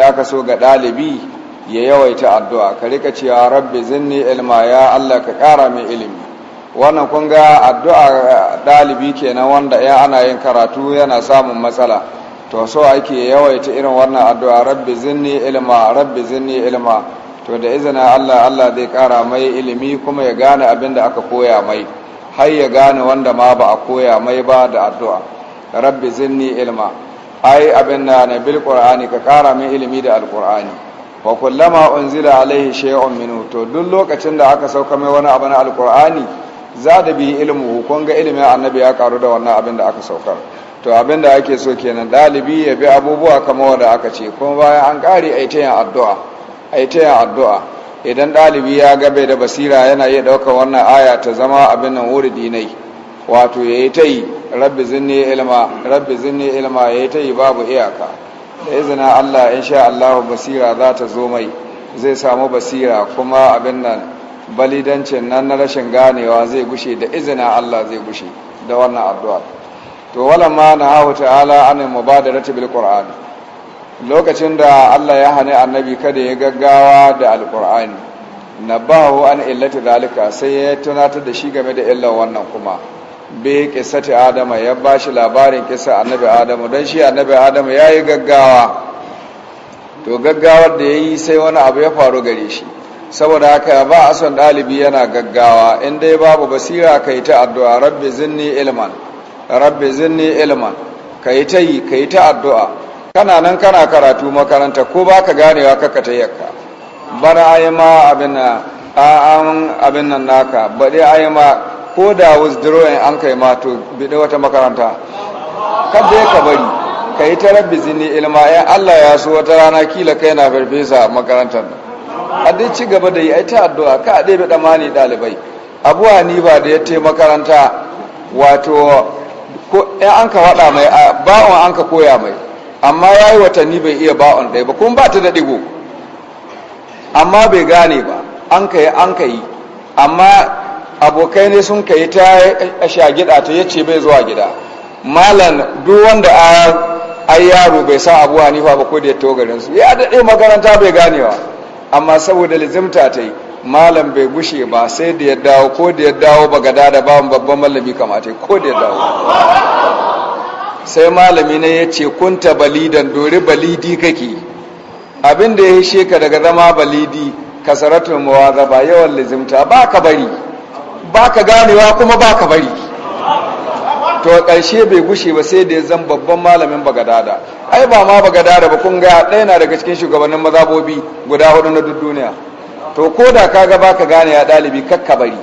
ya ka so ga ɗalibi ya yawaita addu'a ka rika cewa rabbi zinni ilma ya Allah ka ƙara mai ilimi wannan kun ga addu'a ɗalibi kenan wanda ya ana yin karatu yana samun matsala to so ake yawaita irin wannan addu'a rabbi zinni ilma rabbi zinni ilma to da izina Allah Allah zai ƙara mai ilimi kuma ya gane abin da aka koya mai har ya gane wanda ma ba a koya mai ba da addu'a rabbi zinni ilma ai abin da na bil qur'ani ka kara min ilimi da alqur'ani wa kullama unzila alaihi shay'un minhu to duk lokacin da aka sauka mai wani abu na alqur'ani za da bi ilmu kun ga ilimin annabi ya karu da wannan abin da aka saukar to abin da ake so kenan dalibi ya bi abubuwa kamar wanda aka ce kuma bayan an kare ai yin addu'a addu'a idan dalibi ya ga bai da basira yana iya daukar wannan aya ta zama abin nan wuridi ne wato yayi ta yi rabbi zinni ilma rabbi zinni ilma ya yi ta yi babu iyaka da izina Allah in sha Allah basira za ta zo mai zai samu basira kuma abin nan balidancin nan na rashin ganewa zai gushe da izina Allah zai gushe da wannan addu'a to wala ma na hawa ta'ala ba da ratibil qur'an lokacin da Allah ya hani annabi kada ya gaggawa da alqur'ani nabahu an illati zalika sai ya tunatar da shi game da illar wannan kuma bi kisati adama ya bashi labarin kisa annabi Adama, don shi annabi Adama ya yi gaggawa to gaggawar da ya yi sai wani abu ya faru gare shi saboda haka ba a son ɗalibi yana gaggawa in dai babu basira ka yi ta addu'a rabbi zinni ilman rabbi zinni ilman ka yi ta ka yi ta addu'a kana nan kana karatu makaranta ko ba ka ganewa kaka ta yakka bana ayi ma abin nan naka baɗi ayi ma ko da withdrawing an kai ma to bide wata makaranta kada ya ka bari ka yi tarar bizini ilma ya Allah ya so wata rana kila kai na farfesa makarantar a dai ci gaba da yi ai ta addu'a ka a ɗebe ɗamani ɗalibai Abuwa ni ba da ya te makaranta wato ko an ka waɗa mai ba'on an ka koya mai amma ya yi watanni bai iya ba'on ɗaya ba kuma ba ta da ɗigo amma bai gane ba an ka yi an ka yi amma abokai ne sun kai ta a shagida ta yace bai zuwa gida malam duk wanda a yaro bai sa abu hanifa ba ko da ya garin su ya daɗe makaranta bai ganewa amma saboda lizimta ta yi malam bai gushe ba sai da ya dawo ko da ya dawo ba gada da bawan babban malami kamata ko da ya dawo sai malami ne ya ce kunta balidan dori balidi kake abin da ya hishe ka daga zama balidi kasaratun ba yawan lizimta ba ka bari baka ganewa kuma baka bari to ƙarshe bai gushe ba sai da ya zan babban malamin bagadada ai ba ma bagadada ba kun ga ɗaya na daga cikin shugabannin mazabobi guda hudu na duniya to ko da ka ga baka gane ya ɗalibi kakka bari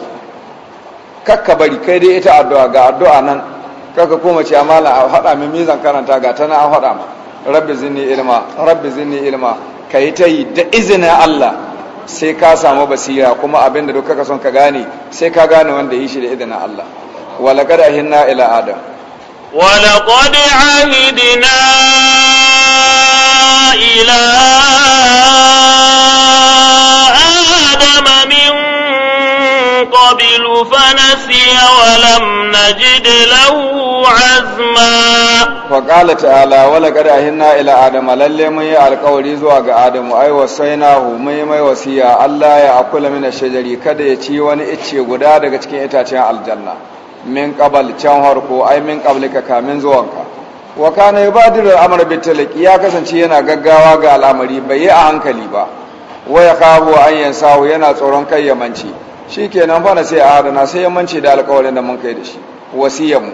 kakka bari kai dai ita addu'a ga addu'a nan kaka koma ce amala a haɗa min mizan karanta ga tana an haɗa ma rabbi zinni ilma rabbi zinni ilma kai ta yi da izinin Allah sai ka samu basira kuma abin da duk son ka gane sai ka gane wanda yi shi da idan Allah walaqad ahinna ila adam walaqad ahidna ila قبل فنسي ولم نجد له عزما فقال تعالى ولقد أهنا إلى آدم للي مي القول زواج آدم أي وصيناه مي مي وصيا الله يأكل من الشجر كده يتي وني اتشي غدا daga cikin itacen aljanna min qabal can harko ai min ka kamin zuwanka wa kana yubadiru al-amr bitalqi ya kasance yana gaggawa ga al'amari bai yi a hankali ba waya kawo an yansawo yana tsoron kai yamanci shi kenan nan fana sai a adana sai ya mance da alkawarin da mun kai da shi wasiyanmu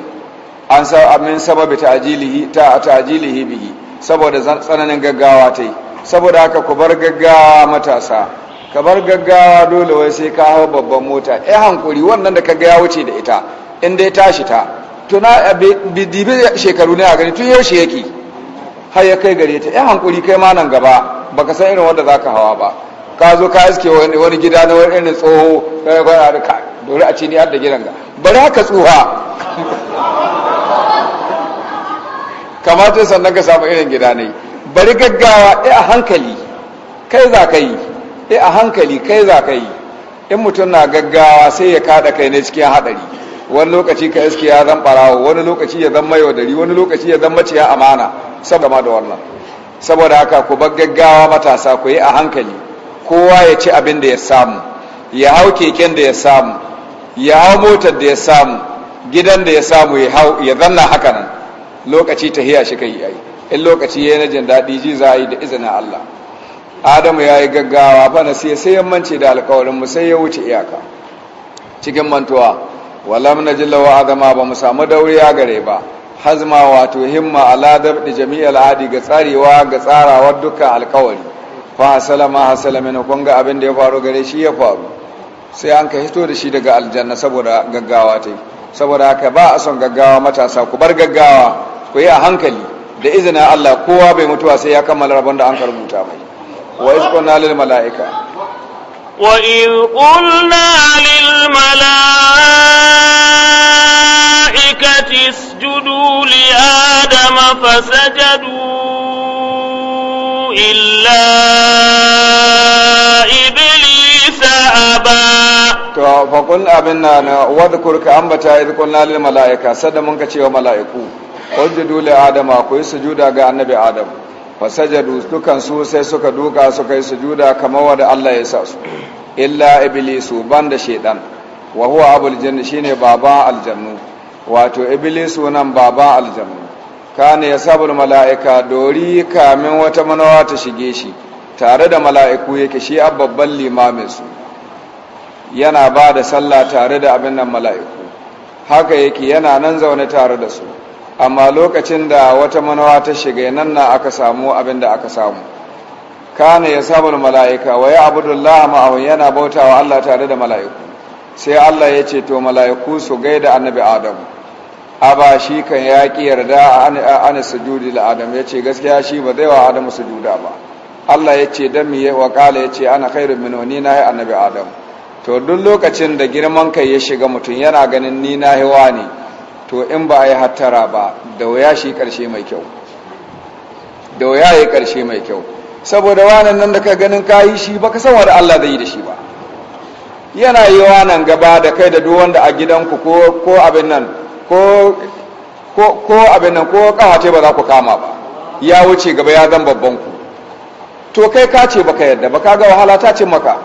an sa abin sababi ajilihi ta ajilihi bihi saboda tsananin gaggawa ta yi saboda haka ku bar gaggawa matasa ka bar gaggawa dole wai sai ka hau babban mota ya eh, hankuri wannan da ka ga ya wuce da ita in dai tashi ta tuna dibi shekaru ne a gani tun yaushe yake har ya kai gare ta ya eh, hankuri kai ma nan gaba baka san irin wanda ka hawa ba ka zo ka iske wani gida na wani irin tsoho kai kai da ka dole a ce ni har da gidan ga bari haka kamar kamata sannan ka samu irin gida ne bari gaggawa eh a hankali kai za ka yi eh a hankali kai za ka yi in mutum na gaggawa sai ya kada kai ne cikin hadari wani lokaci ka iske ya zan barawo wani lokaci ya zan wadari wani lokaci ya zan maciya amana saboda ma da wannan saboda haka ku bar gaggawa matasa ku yi a hankali kowa ya ci abin da ya samu ya hau keken da ya samu ya hau motar da ya samu gidan da ya samu ya hau ya zanna haka nan lokaci ta hiya shi kai yayi in lokaci yayi na jin daɗi ji za yi da izinin Allah Adamu ya yi gaggawa fa na siya sai yammanci da alkawarin mu sai ya wuce iyaka cikin mantuwa walam najilla wa Adama ba mu samu ya gare ba hazma wato himma ala dabdi jami'al adi ga tsarewa ga tsarawar dukkan alkawari fa hasala ma hasala min kun ga abin da ya faru gare shi ya faru sai an ka hito da shi daga aljanna saboda gaggawa ta saboda haka ba a son gaggawa matasa ku bar gaggawa ku yi a hankali da izinin Allah kowa bai mutuwa sai ya kammala rabon da an ka rubuta mai wa isquna lil malaika wa qulna lil malaikati isjudu li adama fasajadu إلا إبليس أبى to abin na na wadhkur ka ambata id qulna malaika sada mun ka cewa malaiku wajudu li adama ku yi sujuda ga annabi adam fa sajadu dukan su sai suka duka suka yi sujuda kamar wanda Allah ya sa su illa iblisu banda shaytan wa huwa abul janna shine baba aljannu wato iblisu nan baba aljannu kana ya sabul mala'ika dori kamin wata manawa ta shige shi tare da mala'iku yake shi a babban limamin su yana ba da sallah tare da abin nan mala'iku haka yake yana nan zaune tare da su amma lokacin da wata manawa ta shiga nan na aka samu abin da aka samu kana ya sabul mala'ika waya abudullah ma'ahun yana bautawa Allah tare da mala'iku sai Allah ya ce to mala'iku su gaida annabi Adamu aba shi kan ya yarda a ana sujudi la adam ya ce gaskiya shi ba zai wa adam sujuda ba Allah ya ce dan miye wa kala ya ce ana khairu min wani na annabi adam to duk lokacin da girman kai ya shiga mutum yana ganin ni na hewa ne to in ba a yi hattara ba da waya shi karshe mai kyau da waya yi karshe mai kyau saboda wannan nan da ka ganin kayi shi baka san wani Allah zai yi da shi ba yana yi wanan gaba da kai da duk wanda a gidanku ko ko abin nan ko abin nan ko kawace ba za ku kama ba ya wuce gaba ya zan babban ku to kai ka ce baka yadda baka ga wahala ta ce maka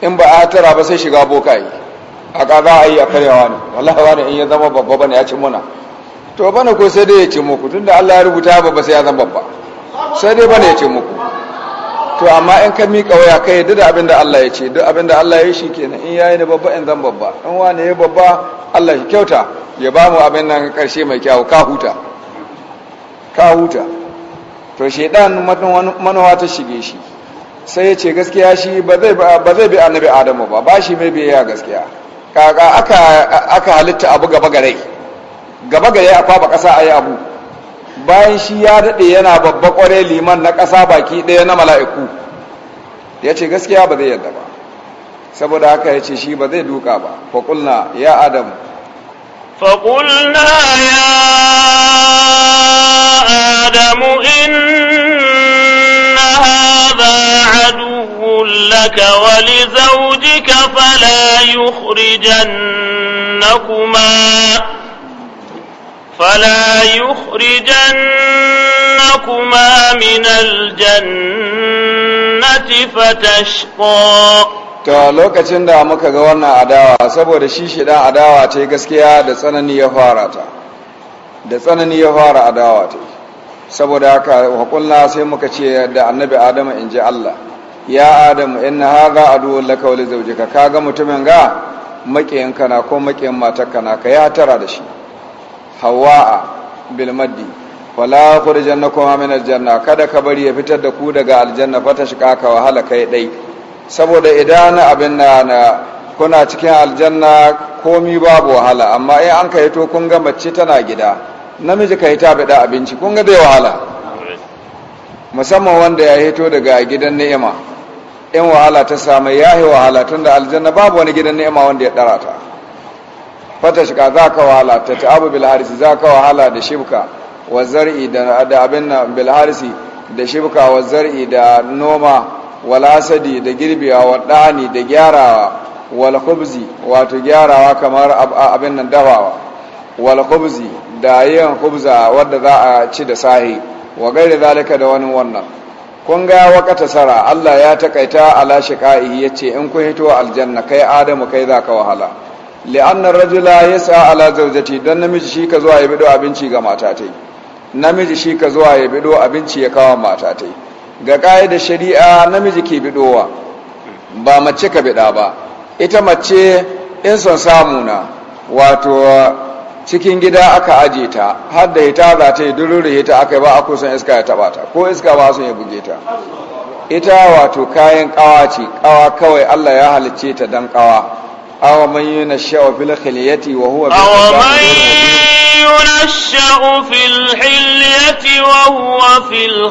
in ba a tara ba sai shiga boka yi a kaza a yi a karyawa ne wallahi wani in ya zama babba bane ya ci muna to bana ko sai dai ya ce muku tunda Allah ya rubuta babba sai ya zama babba sai dai bane ya ce muku to amma in ka miƙa waya ka yadda da abin da Allah ya ce duk abin da Allah ya shi kenan in yayi ni babba in zan babba in wani ya babba Allah ya kyauta ya ba mu abin nan karshe mai kyau ka huta ka huta to shedan manowa ta shige shi sai ya ce gaskiya shi ba zai bi annabi adamu ba ba shi mai biyayya gaskiya kaka aka halitta abu gaba gare gaba gare a faɓa ƙasa a yi abu bayan shi ya daɗe yana babba kware liman na ƙasa baki ɗaya na mala'iku ya ce gaskiya ba zai yadda ba saboda haka ya ce shi ba zai duka ba faƙulna ya adam faƙulna ya adamu na ba aduwun hulaka wali zaujika fala kuma. فلا يخرجنكما من الجنة فتشقى to lokacin da muka ga wannan adawa saboda shi shida adawa ce gaskiya da tsanani ya fara ta da tsanani ya fara adawa ta saboda haka hukunna sai muka ce da annabi adamu in ji Allah ya adamu inna hadha aduwwun laka wa li ka kaga mutumin ga makiyanka na ko makiyan matarka na ka ya tara da shi hawa'a bil maddi wala khurjannakum min janna, kada ka bari ya fitar da ku daga aljanna fata shika ka wahala kai dai saboda idan abin na kuna cikin aljanna komi babu wahala amma in an kai to kun ga mace tana gida namiji kai ta bada abinci kun ga bai wahala musamman wanda ya hito daga gidan ni'ima in wahala ta samu yahi wahala tunda aljanna babu wani gidan ni'ima wanda ya dara ta fata shiga za ka wahala ta ta'abu abu bilharisi za ka wahala da shibka wa zar'i da abin na bilharisi da shibka wa zar'i da noma wal asadi da girbi wa dani da gyarawa wal wato gyarawa kamar abin nan dafawa wal da yin kubza wadda za a ci da sahi wa gaira zalika da wani wannan kun ga wakata sara Allah ya takaita ala ya ce in kun hito aljanna kai adamu kai za ka wahala li'annar rajula ya sa ala zaujati don namiji shi ka zuwa ya bido abinci ga matatai namiji shi ka zuwa ya bido abinci ya kawo matatai ga ƙa'idar shari'a namiji ke bidowa ba mace ka bida ba ita mace in son samu na wato cikin gida aka aje ta har da ita za ta yi durure ita aka ba a kusan iska ya taba ta ko iska ba sun ya buge ta ita wato kayan kawa ce kawa kawai Allah ya halicce ta dan kawa awa man yunasha'u fil khilyati wa huwa awa man yunasha'u fil hilyati wa huwa fil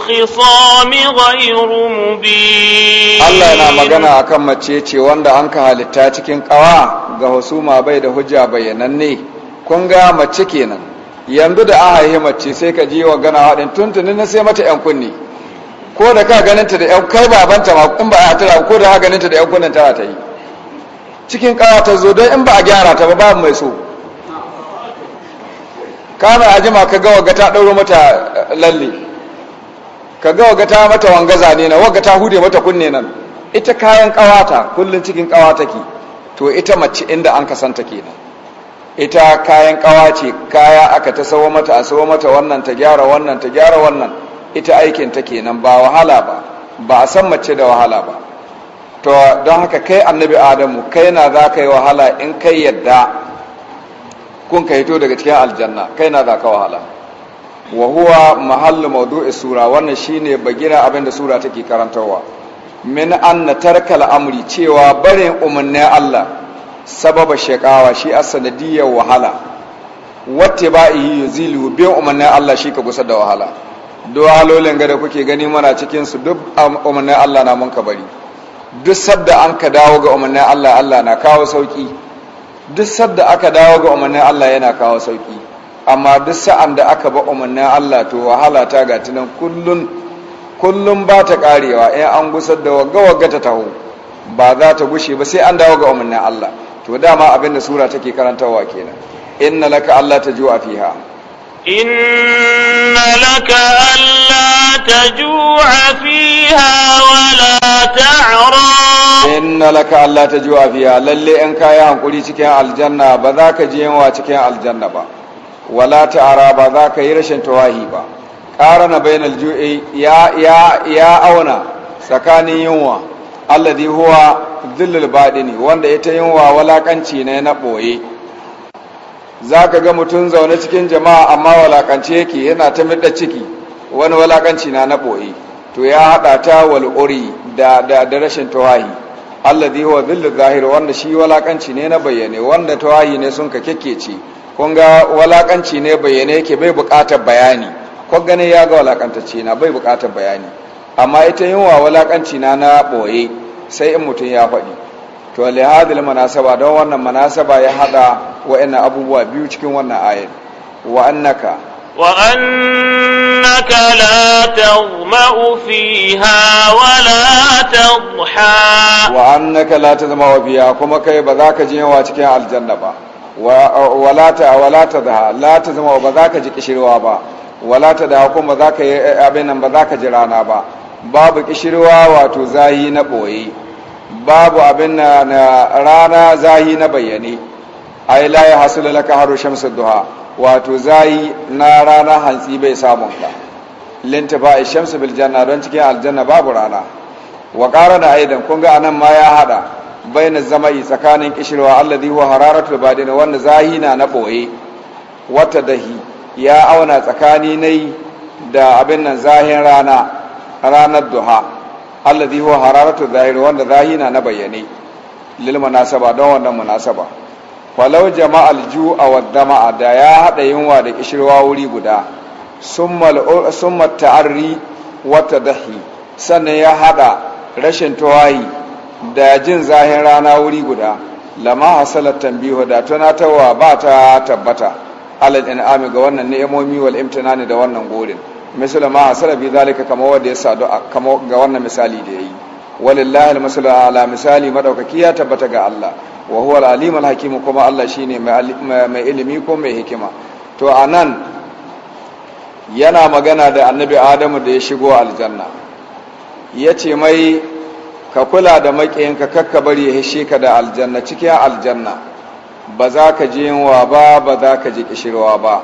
Allah yana magana a mace ce wanda an cikin kawa ga kenan yanzu da aka yi mace sai ka ji wa gana haɗin tuntunin na sai mata 'yan kunni ko da ka ganinta da 'yan kai babanta ma kun ba a tara ko da ka ganinta da 'yan kunnin tara ta yi cikin kawa ta zo don in ba a gyara ta ba babu mai so kana a jima ka gawa ga ta ɗauro mata lalle ka gawa ga ta mata wanga zane na wagga ta hude mata kunne nan ita kayan kawata kullum cikin kawa ke, to ita mace inda an kasanta nan. ita kayan kawa ce kaya aka ta sawo mata a sawo mata wannan ta gyara wannan ta gyara wannan ita aikin ta ke nan. ba wahala ba ba a san mace da wahala ba to don haka kai annabi adamu kai na za ka yi wahala in kai yadda kun ka hito daga cikin aljanna kai na za ka wahala wa huwa mahallu maudu'i sura wannan shine bagina abin da sura take karantarwa min anna tarkal amri cewa barin umarnin Allah sababa shekawa shi asanadiyar wahala wata ba yi zilu bin umarnin Allah shi ka gusa da wahala duk halolin ga da kuke gani mana cikin su duk umarnin Allah na mun ka bari duk sadda an ka dawo ga umarnin Allah Allah na kawo sauki duk sadda aka dawo ga umarnin Allah yana kawo sauki amma duk sa'an da aka ba umarnin Allah to wahala ta ga tunan kullun kullun ba ta karewa in an gusar da waga waga ta taho ba za ta gushe ba sai an dawo ga umarnin Allah to dama abinda sura take karantawa kenan inna laka Allah ta tajua fiha laka Allah ta تجوع fiha wala? ta'ara inna laka ta tajua fiha lalle an kaya hankuri cikin aljanna ba za ka ji yawa cikin aljanna ba wala ta'ara ba za ka yi rashin tawahi ba qarana bainal ju'i ya ya ya auna tsakanin yunwa alladhi huwa dhillul badini wanda ita yunwa walakanci ne na boye za ka ga mutum zaune cikin jama'a amma walakanci yake yana ta miɗa ciki wani walakanci na na ɓoye to ya haɗa ta wal'uri da da da rashin tawahi alladhi huwa dhillu zahir wanda shi walakanci ne na bayyane wanda tawahi ne sun ka kekkece kun ga walakanci ne bayyane yake bai buƙatar bayani kun gane ya ga walakantacce na bai buƙatar bayani amma ita wa walakanci na na boye sai in mutum ya faɗi to lihadil manasaba don wannan manasaba ya hada wa'annan abubuwa biyu cikin wannan ayat wa annaka وأنك لا تظمأ فيها ولا تضحى وأنك لا تظمأ فيها كما كي بذاك جيوا تكين الجنة با ولا ت ولا تضحى لا تظمأ بذاك جكشروا با ولا تضحى كما ذاك أبنا بذاك جرانا با باب كشروا وتزاهي نبوي باب أبنا رانا زاهي نبيني أي لا يحصل لك هر شمس الضحى wato zayi na rana hantsi bai samun ka linta ba a shamsu biljana don cikin aljanna babu rana wa ƙara da aidan kun ga anan ma ya hada zama yi tsakanin kishirwa alladhi huwa hararatul badin wanda zai na na ɓoye wata dahi ya auna tsakani yi da abin nan zahin rana ranar duha alladhi wa hararatul zahir wanda zai na na bayyane lil munasaba don wannan munasaba falau jama'al ju'a wad dama'a da ya haɗa yunwa da ƙishirwa wuri guda summa ta'arri wata dahi sannan ya haɗa rashin tawayi da jin zahin rana wuri guda lama hasalat tanbihu da tunatarwa ba ta tabbata alal in'ami ga wannan ni'imomi wal imtinani da wannan gorin misali ma hasala bi zalika kama wanda ya sadu kama ga wannan misali da yayi walillahi al ala misali madaukaki ya tabbata ga Allah wa huwa al-alim al-hakim kuma Allah shine mai ilimi ko mai hikima to anan yana magana da annabi Adamu da ya shigo aljanna yace mai ka kula da makiyinka kakka bari ya hishe ka da aljanna cikin aljanna ba za ka ji yunwa ba ba za ka ji kishirwa ba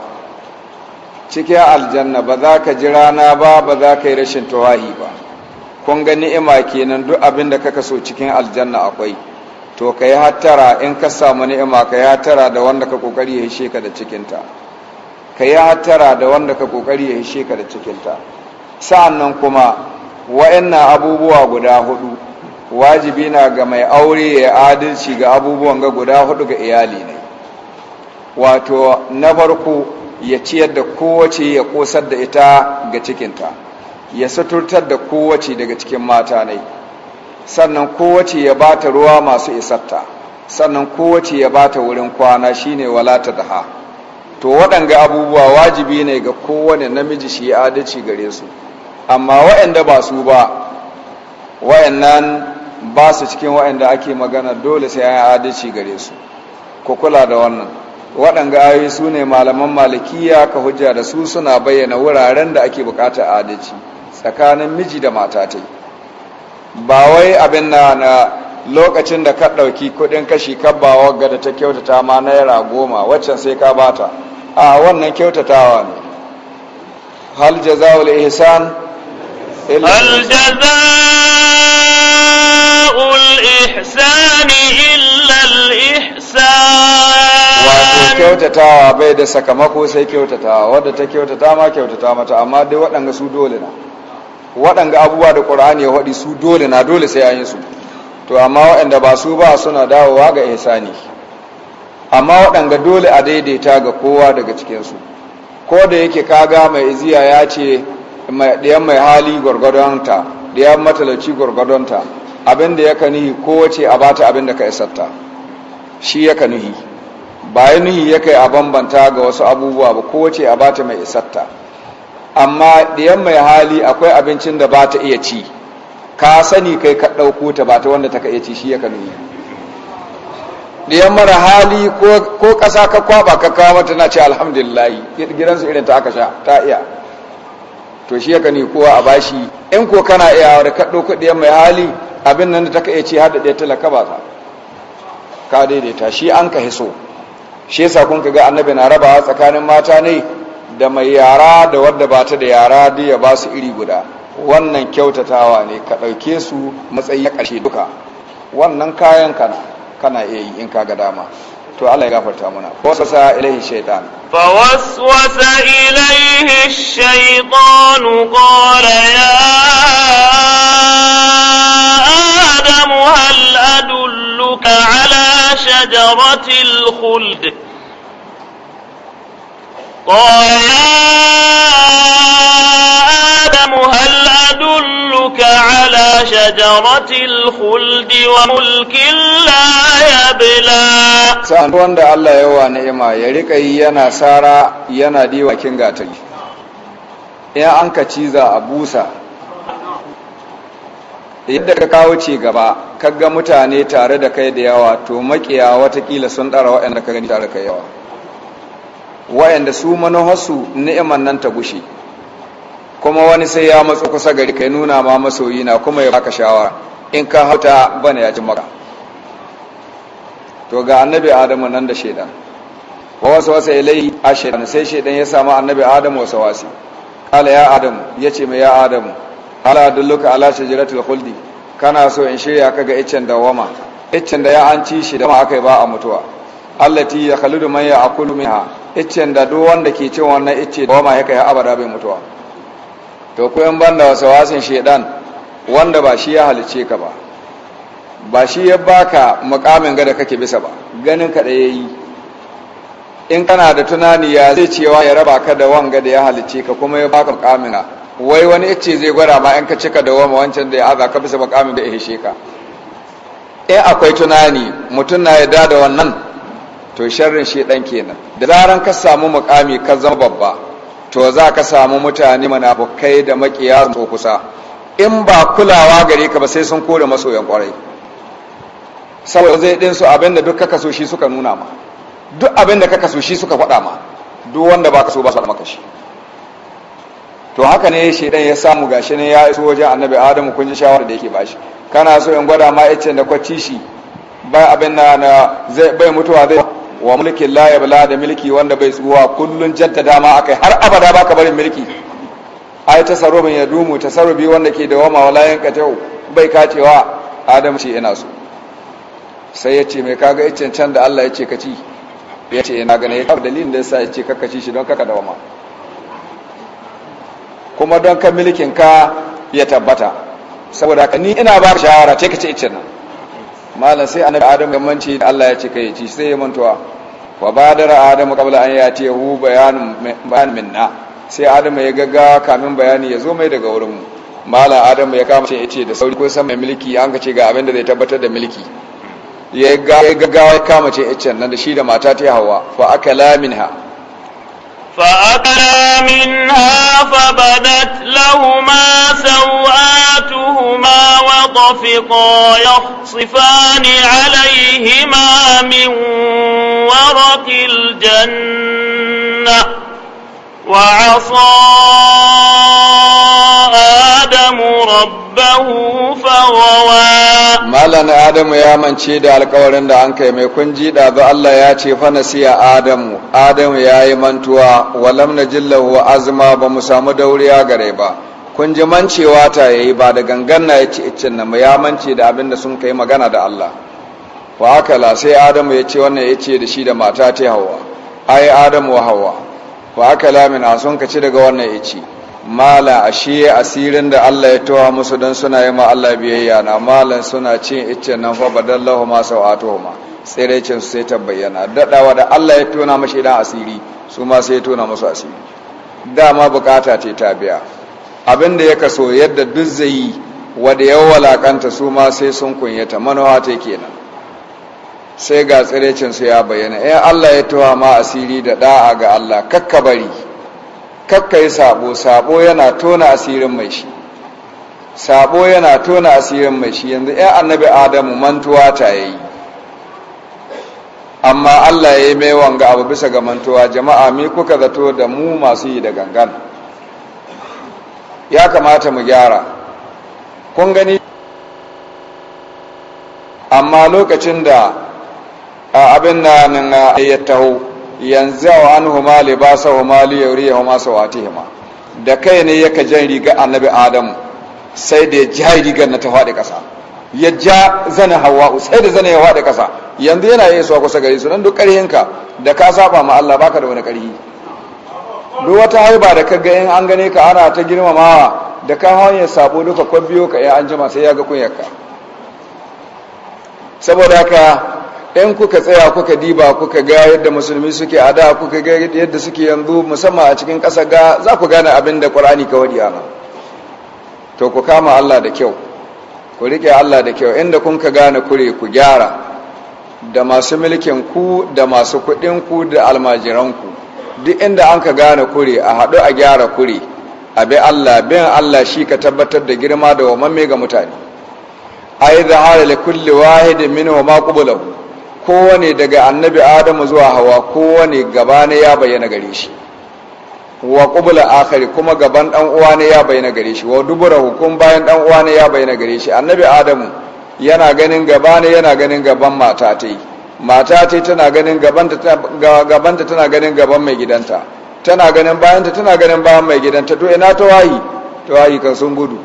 cikin aljanna ba za ka ji rana ba ba za ka yi rashin tawahi ba kun ga ni'ima kenan duk abin da kaka so cikin aljanna akwai to ka yi hattara in ka samu ni'ima ka yi hattara da wanda ka kokari ya hishe ka da cikinta ka yi hattara da wanda ka kokari ya hishe ka da cikinta sa'annan kuma wa'annan abubuwa guda hudu wajibi na ga mai aure ya adalci ga abubuwan ga guda hudu ga iyali ne wato na farko ya ciyar da kowace ya kosar da ita ga cikinta ya suturtar da kowace daga cikin mata ne sannan kowace ya ba ta ruwa masu isarta sannan kowace ya ba ta wurin kwana shine walata daha to waɗanga abubuwa wajibi ne ga kowane namiji shi adalci gare su amma waɗanda ba su ba waɗannan ba su cikin waɗanda ake magana dole sai an adalci gare su ku kula da wannan waɗanga ayoyi su ne malaman malikiya ka hujja da su suna bayyana wuraren da ake bukatar adaci, tsakanin miji da matatai ba wai abin na na lokacin da ka ɗauki kuɗin kashi kabbawa ga da ta kyautata ma naira goma waccan sai ka bata a wannan kyautatawa ne hal jaza'ul ihsan hal jaza'ul ihsan illa al ihsan wato kyautatawa bai da sakamako sai kyautatawa wadda ta kyautata ma kyautata mata amma dai waɗanda su dole na waɗanga abubuwa da ƙur'ani ya waɗi su dole na dole sai yayin yi su to amma waɗanda ba su ba suna dawowa ga ihsani amma waɗanga dole a daidaita ga kowa daga cikinsu ko da yake kaga mai iziya ya ce ɗayan mai hali gwargwadonta ɗayan matalauci gwargwadonta abin da yaka nuhi kowace a bata abin da ka isarta shi yaka nuhi bayan nuhi ya kai a bambanta ga wasu abubuwa ba kowace a bata mai isarta amma ɗiyan mai hali akwai abincin da ba ta iya ci ka sani kai ka ɗauko ta ba ta wanda ta ka iya ci shi ya kanu ɗiyan mara hali ko ƙasa ka kwaba ka kawo mata na ce alhamdulillah gidansu irin ta aka sha ta iya to shi ya kanu kowa a bashi in ko kana iya da ka ɗauko ɗiyan mai hali abin nan da ta ka iya ci har da ɗaya talaka ba ta ka daidaita shi an ka hiso shi yasa kun ka ga annabi na rabawa tsakanin mata ne da mai yara da wadda ba ta da yara duk ya ba su iri guda wannan kyautatawa ne ka ɗauke su matsayi na ƙarshe duka wannan kayan kana kana iya yi in ka ga dama to Allah ya gafarta muna waswasa ilaihi shaytan fawaswasa ilaihi shaytan qala ya adam hal adulluka ala shajaratil khuld قال آدم هل أدلك على شجرة الخلد وملك لا يبلى سأل wanda Allah ya wa ni'ima ya riƙa yi yana sara yana diwa kin gatari in an ka ciza a busa yadda ka kawo ci gaba kaga mutane tare da kai da yawa to makiya watakila sun ɗara waɗanda ka gani tare da kai yawa wayanda su manoharsu ni'imar nan ta gushe kuma wani sai ya matsu kusa gari kai nuna ma masoyi na kuma ya baka shawara in ka hauta bana ya ji maka to ga annabi adamu nan da shaidan wa wasu wasa ilai a shaidan sai shaidan ya samu annabi adamu wasu wasi kala ya adamu ya ce mai ya adamu ala dulluka ala shajaratul khuldi kana so in shirya ka ga iccen dawama iccen da ya an ci shi da ma aka yi ba a mutuwa allati ya khalidu man ya'kulu minha iccen da duk wanda ke cin wannan icce da ma yake abada bai mutuwa to ko yan banda wasawasin shedan wanda ba shi ya halice ka ba ba shi ya baka mukamin ga da kake bisa ba ganin ka da yayi in kana da tunani ya zai cewa ya raba ka da wanga da ya halice ka kuma ya baka mukamina wai wani icce zai gwada ma in ka cika da wama wancan da ya aza ka bisa mukamin da ya hishe ka in akwai tunani mutum na yarda da wannan to sharrin shedan kenan da zaran ka samu mukami ka zama babba to za ka samu mutane munafukai da makiya su kusa in ba kulawa gare ka ba sai sun kore masoyan kwarai saboda zai din su abin da duk kaka so shi suka nuna ma duk abin da kaka so shi suka faɗa ma duk wanda ba ka so ba su maka shi to haka ne shedan ya samu gashi ne ya iso wajen annabi adamu kun ji shawara da yake bashi kana so in gwada ma yace da kwacci shi bai abin na zai bai mutuwa zai wa mulkin la bala da mulki wanda bai tsuwa kullun jatta dama akai har abada baka barin mulki ai tasarrubin ya dumu tasarrubi wanda ke dawama wala tau bai kacewa adam ce ina so sai ya ce mai kaga iccen can da Allah ya ce ka ci ya ce ina gane ya dalilin da yasa ya ce kaka ci shi don kaka dawama kuma don ka milkin ka ya tabbata saboda ka ni ina ba shawara ce ka iccen nan malam sai annabi adam ya da Allah ya ce kai ci sai ya mantuwa wa badara adam qabla an yati hu bayan bayan minna sai adam ya gaga kamin bayani ya zo mai daga wurin mu malam adam ya kama ya ce da sauri ko san mai mulki an ka ce ga abin da zai tabbatar da mulki ya gaggawa ya kama ce iccen nan da shi da mata ta hawa fa akala minha فأكلا منها فبدت لهما سوآتهما وطفقا يخصفان عليهما من ورق الجنة وعصى آدم ربه فغوى مالن آدم يا من شيد على da an kai mai kun ji الله Allah ya ce fa siya Adamu Adamu yayi mantuwa walam najillahu azma ba mu samu dauriya gare ba kun ji mancewa ta yayi ba da gangan na yace iccin nan ya mance da abin da sun kai magana da Allah wa haka sai Adamu ya ce wannan ya ce da shi da mata ta hawa ai Adamu wa hawa wa aka lamina sun ka ci daga wannan ici mala ashe asirin da Allah ya towa musu don suna yi ma Allah biyayya na malan suna cin iccen nan fa badallahu ma sawatuhuma tsiraicin su sai ta bayyana da Allah ya tona mashi idan asiri su ma sai tona musu asiri dama bukata ce ta biya abin da ya kaso yadda duk zai yi wada yawa walakanta su ma sai sun kunyata manowa ta kenan sai ga tsirecinsu ya bayyana ya eh, Allah ya tuwa ma asiri da da'a ga Allah kakka bari kakka yi sabo sabo yana tona asirin mai shi sabo yana tona asirin mai shi yanzu ya eh, annabi adamu mantuwa ta yi amma Allah ya yi mai wanga abu bisa ga mantuwa jama'a mi kuka zato da mu masu yi da gangan ya kamata mu gyara kun gani amma lokacin da Ah, abin na nan ah, ya taho yanzu wa an huma libasa huma li yuriya huma sawatihima da kai ne yaka jan riga annabi adam sai da ya ja rigar na ta faɗi ƙasa ya ja zana hawa sai da zana ya fadi ƙasa yanzu yana yin suwa kusa gari su nan duk ka da ka saba ma Allah baka da wani karhi duk wata haiba da ka ga in an gane ka ana ta girmamawa da ka hanya sabo duka ko biyo ka ya eh, an jima sai ya ga kunyarka saboda haka in kuka tsaya kuka diba kuka ga yadda musulmi suke a da kuka ga yadda suke yanzu musamman a cikin ƙasa ga za ku gane abin da ƙwarani ka wadi ana to ku kama Allah da kyau ku riƙe Allah da kyau inda kun ka gane kure ku gyara da masu mulkin ku da masu kuɗin ku da almajiran ku duk inda an ka gane kure a haɗu a gyara kure a bi Allah bin Allah shi ka tabbatar da girma da wa mamme ga mutane ai da hara li kulli wahidin wa ma kowane daga annabi adamu zuwa hawa kowane gaba ne ya bayyana gare shi wa kubula akhari kuma gaban dan uwa ne ya bayyana gare shi wa dubura hukum bayan dan uwa ne ya bayyana gare shi annabi adamu yana ganin gaba ne yana ganin gaban mata ta yi mata ta tana ganin ta tana ganin gaban mai gidanta tana ganin bayanta tana ganin bayan mai gidanta to ina ta wayi ta wayi kan sun gudu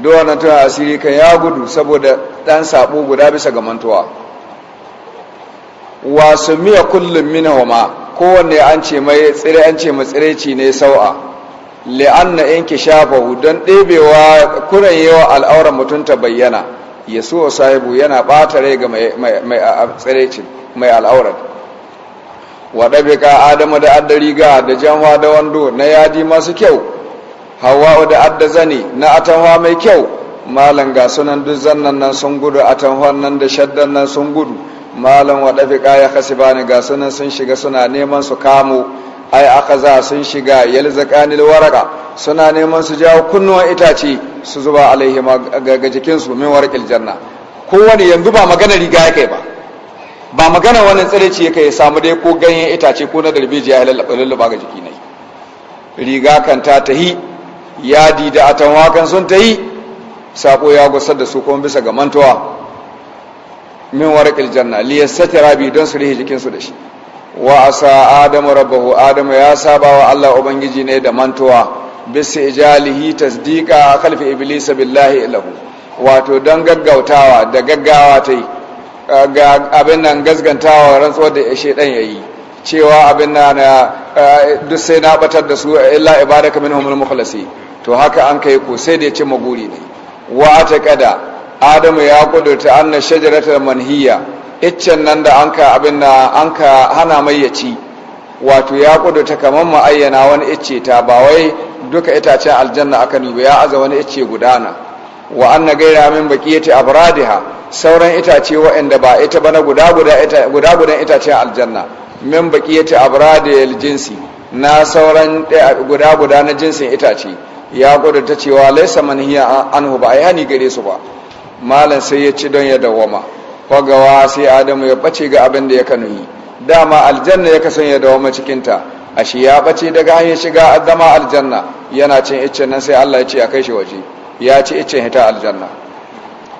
do wannan tana asiri kan ya gudu saboda dan sabo guda bisa ga mantuwa Wasu miya kullum ma, kowanne an ce mai tsire an ce matsireci ne sau'a li'anna inkishafahu don ɗebewa kuran yawa al'auran mutum ta bayyana yasuwa sahibu yana ɓata rai ga mai tsirecin mai al'auran waɗa ka adamu da adda riga da janwa da wando na yadi masu kyau hawa da adda zane na atanwa mai kyau malan ga sunan duk zannan nan sun gudu atanwa nan da shaddan nan sun gudu malam wa dafi kaya kasibani ga sunan sun shiga suna neman su kamo ai aka za sun shiga yalzakanil waraka suna neman su jawo kunnuwan itace su zuba alaihi ga jikinsu min warqil janna kowane yanzu ba magana riga yake ba ba magana wani tsireci yake ya samu dai ko ganyen itace ko na darbejiya ya lallaba ga jiki ne riga kan ta tahi yadi da atanwa kan sun tahi sako ya gusar da su kuma bisa ga mantuwa min warqil janna li yastara bi don su rihi jikin su da shi wa asa adamu rabbahu adamu ya saba wa Allah ubangiji ne da mantuwa bi ijalihi tasdiqa khalfi iblis billahi lahu wato don gaggautawa da gaggawa ta yi ga abin nan gaskantawa rantsuwar da shedan yayi cewa abin nan duk sai na batar da su illa ibadaka minhumul mukhlasi to haka an kai ko sai da ya ce maguri ne wa ataqada adamu ya kudurta anna shajaratul manhiya iccen nan da anka abin da anka hana mai ya ci wato ya kudurta kamar mu ayyana wani icce ta ba wai duka itacen aljanna aka dubi ya aza wani icce gudana wa anna gaira min baqiyati abradiha sauran itace waɗanda ba ita ba na guda guda gudan itacen aljanna min baqiyati abradil jinsi na sauran guda guda na jinsin itace ya kudurta cewa laisa manhiya anhu ba ai hani gare su ba malam sai ya ci don ya dawama kogawa sai adamu ya bace ga abin da ya kanu yi dama aljanna ya kasan ya dawama cikinta a shi ya bace daga hanyar shiga zama aljanna yana cin iccen nan sai allah ya ce a kai shi waje ya ci iccen hita aljanna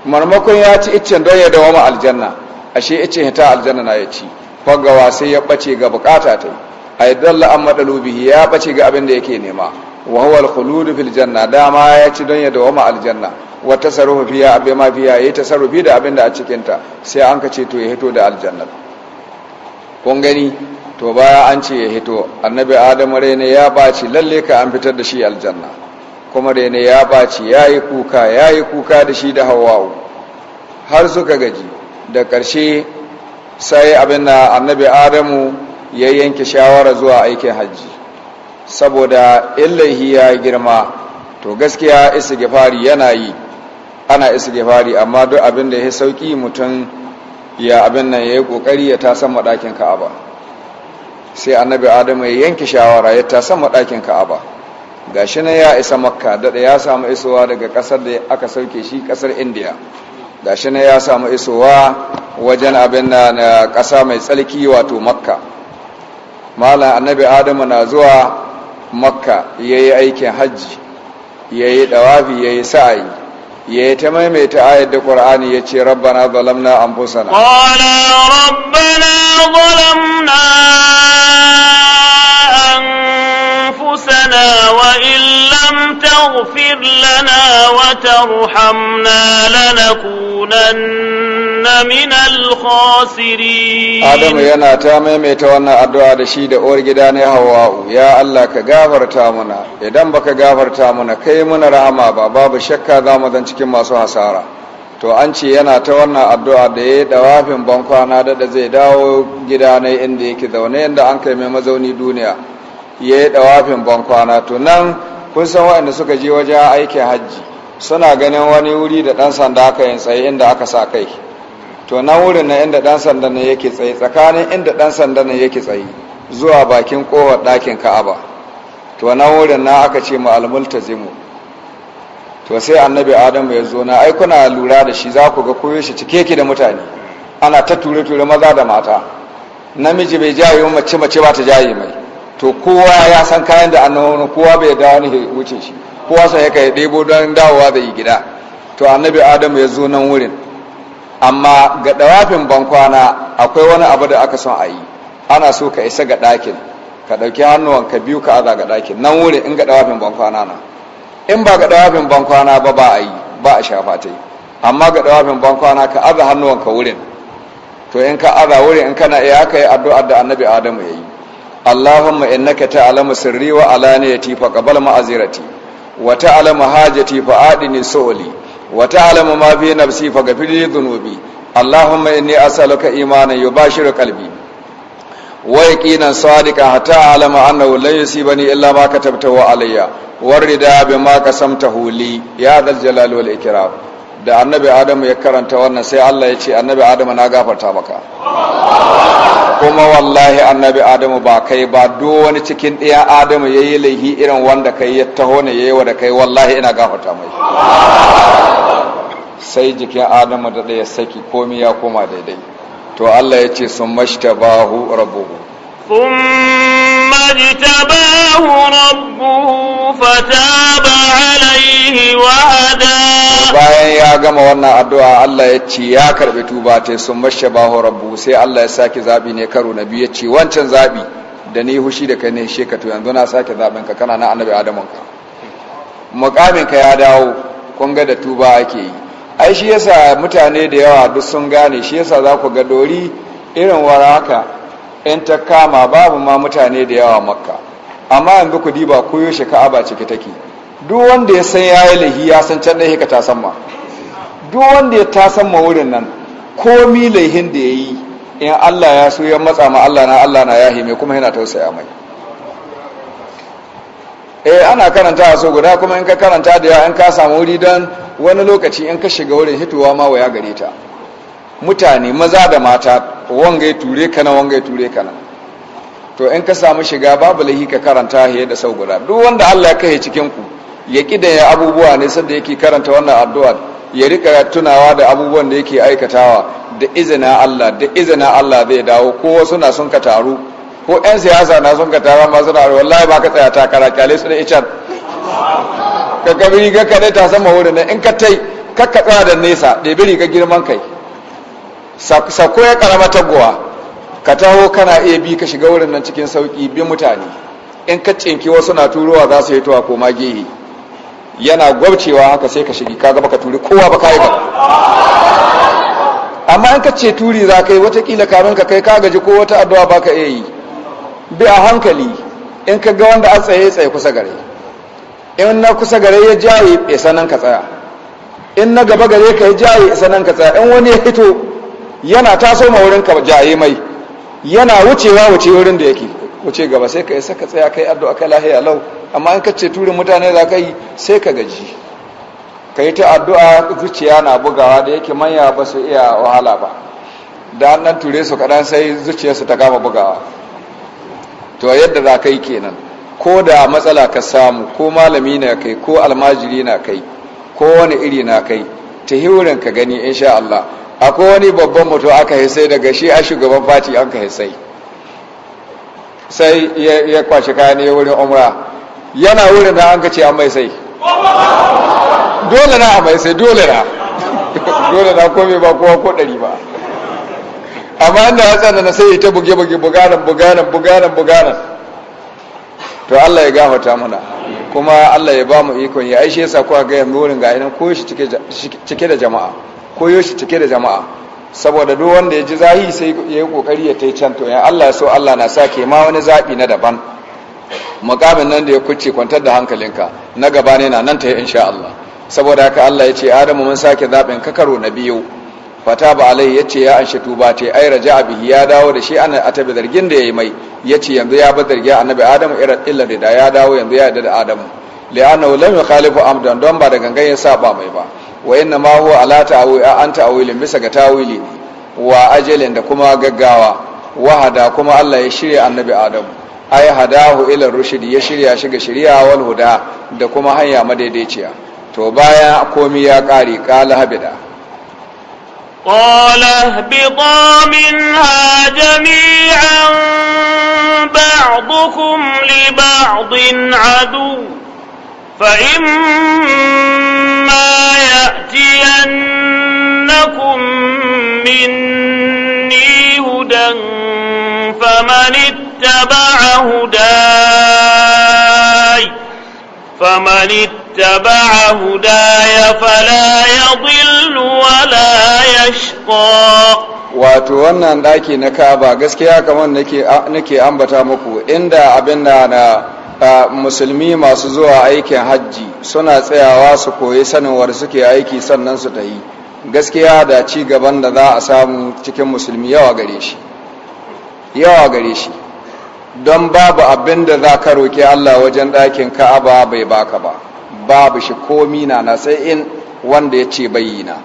marmakon ya ci iccen don ya dawama aljanna a shi iccen hita aljanna na ya ci kogawa sai ya bace ga bukata ta yi a yi an ya bace ga abin da yake nema wa huwa al-khulud fil janna dama ya ci don ya dawama aljanna wa tasarrufu fiha abin ma fiha yayi tasarrufi da abin a cikin ta sai an kace to ya hito da al-janna kun gani to baya an ce ya hito annabi adamu rene ya baci lalle ka an fitar da shi aljanna kuma rene ya baci yayi kuka yayi kuka da shi da hawwa'u har suka gaji da karshe sai abin annabi adamu ya yanke shawara zuwa aikin hajji saboda illahi ya girma to gaskiya isigifari yana yi ana isigifari amma duk abin da ya sauki mutum ya abin nan ya yi kokari ya ta san madakin Ka'aba sai annabi Adamu ya yanke shawara ya ta san madakin Ka'aba gashi nan ya isa Makka daɗa ya samu isowa daga ƙasar da aka sauke shi kasar India gashi nan ya samu isowa wajen abin na eh, ƙasa mai tsarki wato Makka mala annabi Adamu na zuwa makka ya yi aikin hajji ya yi ɗawafi ya yi sa'ayi ya yi ta maimaita ayar da ƙwar'ani ya ce rabbana zalamna an fusana ƙwala rabbana zalamna an fusana wa illa تغفر لنا وترحمنا لنكونن من الخاسرين yana ta maimaita wannan addu'a da shi da uwar gida ne Hawwa'u ya Allah ka gafarta muna idan baka gafarta muna kai muna rahama ba babu shakka za mu zan cikin masu hasara to an ce yana ta wannan addu'a da ya dawafin bankwana da zai dawo gida ne inda yake zaune inda an kai mai mazauni duniya ya yi dawafin bankwana to nan kun san waɗanda suka je wajen aikin hajji suna ganin wani wuri da ɗan sanda aka yin tsaye inda aka sa kai to na wurin na inda ɗan sanda ne yake tsaye tsakanin inda ɗan sanda ne yake tsaye zuwa bakin ƙofar ɗakin ka'aba to na wurin na aka ce ma zimu. to sai annabi adamu ya zo na ai kuna lura da shi za ku ga koyo shi cike ki da mutane ana ta ture ture maza da mata namiji bai jaye mace mace ba ta jaye mai to kowa ya san kayan da annabi wani kowa bai da wani wuce shi kowa sai ka yi ɗebo don dawowa da yi gida to annabi adamu ya zo nan wurin amma ga ɗawafin bankwana akwai wani abu da aka son a yi ana so ka isa ga ɗakin ka ɗauki hannuwan ka biyu ka aza ga ɗakin nan wurin in ga ɗawafin bankwana na in ba ga ɗawafin bankwana ba ba a yi ba a shafa ta yi amma ga ɗawafin bankwana ka aza hannuwan ka wurin to in ka aza wurin in kana iya aka yi addu'ar da annabi adamu ya yi Allahumma innaka ta'lamu sirri wa alaniyati fa qabal ma'azirati wa ta'lamu hajati fa adini su'li wa ta'lamu ma fi nafsi fa ghafir li dhunubi Allahumma inni as'aluka imanan yubashiru qalbi wa yaqinan sadiqan hatta a'lama annahu la yusibani illa ma katabtahu alayya warida bima qasamtahu li ya dal jalali wal ikram da annabi adamu ya karanta wannan sai Allah ya ce annabi adamu na gafarta maka kuma wallahi annabi adamu ba kai ba do wani cikin ɗaya adamu ya yi laihi irin wanda kai ya taho ne ya yi wa da kai wallahi ina gafarta mai sai jikin adamu da ɗaya saki komi ya koma daidai to Allah ya ce sun mashta bahu rabu ثم اجتباه ربه فتاب عليه wa bayan ya gama wannan addu'a Allah ya ce ya karbi tuba ta sun mashe baho rabbu sai Allah ya sake zabi ne karo na biyu ya ce wancan zabi da ni hushi da kai ne sheka to yanzu na sake zaben ka kana na annabi adamun ka mukamin ka ya dawo kun ga da tuba ake yi ai shi yasa mutane da yawa duk sun gane shi yasa za ku ga dori irin waraka in ta kama babu ma mutane da yawa makka amma yanzu ku diba ko shi ka'aba cike take duk wanda ya san yayi lahi ya san can dai ka ta san ma duk wanda ya ta san ma wurin nan komi lahin da yayi in Allah ya so ya matsa ma Allah na Allah na yahi mai kuma yana tausaya mai eh ana karanta a so guda kuma in ka karanta da yawa in ka samu wuri don wani lokaci in ka shiga wurin hitowa ma waya gare ta mutane maza da mata wanga ya ture ka na wanga ya ture ka na to in ka samu shiga babu lahi ka karanta haye da sau guda duk wanda Allah ya kai cikin ku ya ya abubuwa ne sanda yake karanta wannan addu'a ya rika tunawa da abubuwan da yake aikatawa da izina Allah da izina Allah zai dawo ko wasu na sun ka taru ko 'yan siyasa na sun ka taru suna na wallahi ba ka tsaya takara kyale su da icar ka gabi rigar ka ta sama wurin in ka tai kakka tsaya da nesa da ɗebi rigar girman kai sako ya karama taguwa ka taho kana iya bi ka shiga wurin nan cikin sauki bi mutane in ka cinki wasu na turowa za su yi tuwa ko magehi yana gwabcewa haka sai ka shiga ka gaba ka turi kowa ba yi ba amma in ka ce turi za ka yi watakila kamin ka kai ka gaji ko wata addu'a ba ka iya yi bi a hankali in ka ga wanda an tsaye tsaye kusa gare in na kusa gare ya jaye sanan ka tsaya in na gaba gare ka ya jaye sanan ka tsaya in wani ya hito yana taso ma wurin ka jaye mai yana wucewa wuce wurin da yake wuce gaba sai ka saka tsaya kai addu'a kai lahiya lau amma in ka ce turin mutane za ka yi sai ka gaji ka yi ta addu'a zuciya na bugawa da yake manya ba su iya wahala ba da nan ture su kaɗan sai zuciyarsu ta kama bugawa to yadda za ka yi kenan ko da matsala ka samu ko malami na kai ko almajiri na kai ko wani iri na kai ta hiwurin ka gani insha Allah akwai wani babban mutu aka haisai daga shi a shugaban fati an ka haisai sai ya kwashe kayan ya wurin umra yana wurin da an ka ce an mai sai dole na a mai sai dole na dole na kome ba kowa ko ɗari ba amma inda ya tsanana sai ta buge-buge buganan buganan buganan buganan to Allah ya gafata mana kuma Allah ya ba mu ikon ya aishe sa kuwa ga yanzu wurin ga ainihin ko shi cike da jama'a koyo shi cike da jama'a saboda duk wanda ya ji zahi sai ya yi kokari ya tai can to in Allah so Allah na sa ke ma wani zabi na daban mukamin nan da ya kuce kwantar da hankalinka na gaba ne na nan ta yi insha Allah saboda haka Allah ya ce Adamu mun sake zabin ka karo na biyu fata ba alai ya ce ya an tuba ce, ai raja bihi ya dawo da shi a atabi zargin da ya yi mai ya ce yanzu ya bar zargi annabi Adamu illa da ya dawo yanzu ya yarda da Adamu li'annahu lam yukhalifu amdan don ba da gangan ya saba mai ba wa inna ma huwa ala ta'awil an ta'awilin bisa ga tawili wa ajalin da kuma gaggawa wahada kuma Allah ya shirya annabi Adam ay hadahu ila rushdi ya shirya shi ga shari'a wal huda da kuma hanya madaidaiciya to baya komi ya kare qala habida قال اهبطا منها جميعا بعضكم لبعض عدو فإما يأتينكم مني هدى فمن اتبع هداي فمن اتبع هداي فلا يضل ولا يشقى wato wannan ɗaki na kaba gaskiya kamar nake ambata muku inda abin da na musulmi masu zuwa aikin hajji suna tsayawa su koyi sanowar suke aiki sannan su ta yi gaskiya da ci gaban da za a samu cikin musulmi yawa gare shi yawa gare shi don babu abin da za ka roƙi Allah wajen ɗakin ka'aba bai baka ba babu shi komi na na sai in wanda ya ce bai na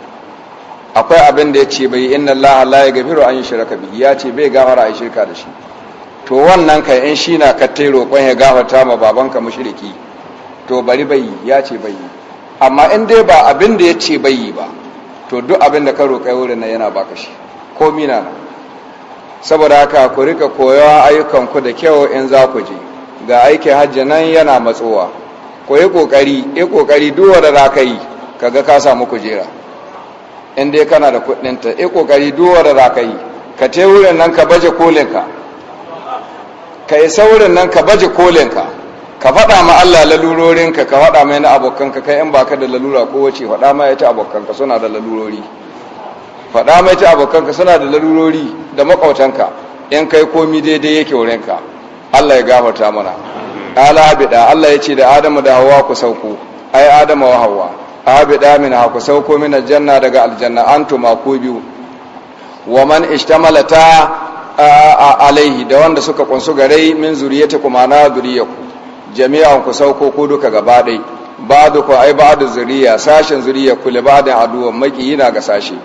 akwai abin da ya ce bai inna Allah ya gafiro an yi shirka bihi ya ce bai gafara a shirka da shi to wannan ka in shi na kattai roƙon ya gafata ma babanka mushriki to bari bai ya ce bai amma in dai ba abin da ya ce bai yi ba to duk abin da ka roƙa wurin nan yana baka shi ko mina saboda haka ku rika koyawa ayyukanku da kyau in za ku je ga aikin hajji nan yana matsowa ku yi ƙoƙari yi ƙoƙari duk wanda za ka yi kaga ka samu kujera in dai kana da kuɗinta yi ƙoƙari duk wanda za ka yi ka te wurin nan ka baje kolinka ka yi saurin nan ka baje kolinka ka faɗa ma Allah lalurorinka ka faɗa mai na abokanka kai in baka da lalura ko wace faɗa ma ta abokanka suna da lalurori faɗa ma ta abokanka suna da lalurori da makautanka in kai komi daidai yake wurinka Allah ya gafarta mana ala abida Allah ya ce da Adamu da Hawwa ku sauko ai Adamu wa Hawwa abida min ha ku sauko min aljanna daga aljanna antuma ku biyu wa man ishtamalata alaihi da wanda suka kunsu gare min zuriyata kuma na zuriyaku jami'an ku sauko ku duka gaba dai da ku ai da zuriya sashen zuriya ku ba ba'da aduwan yana ga sashe.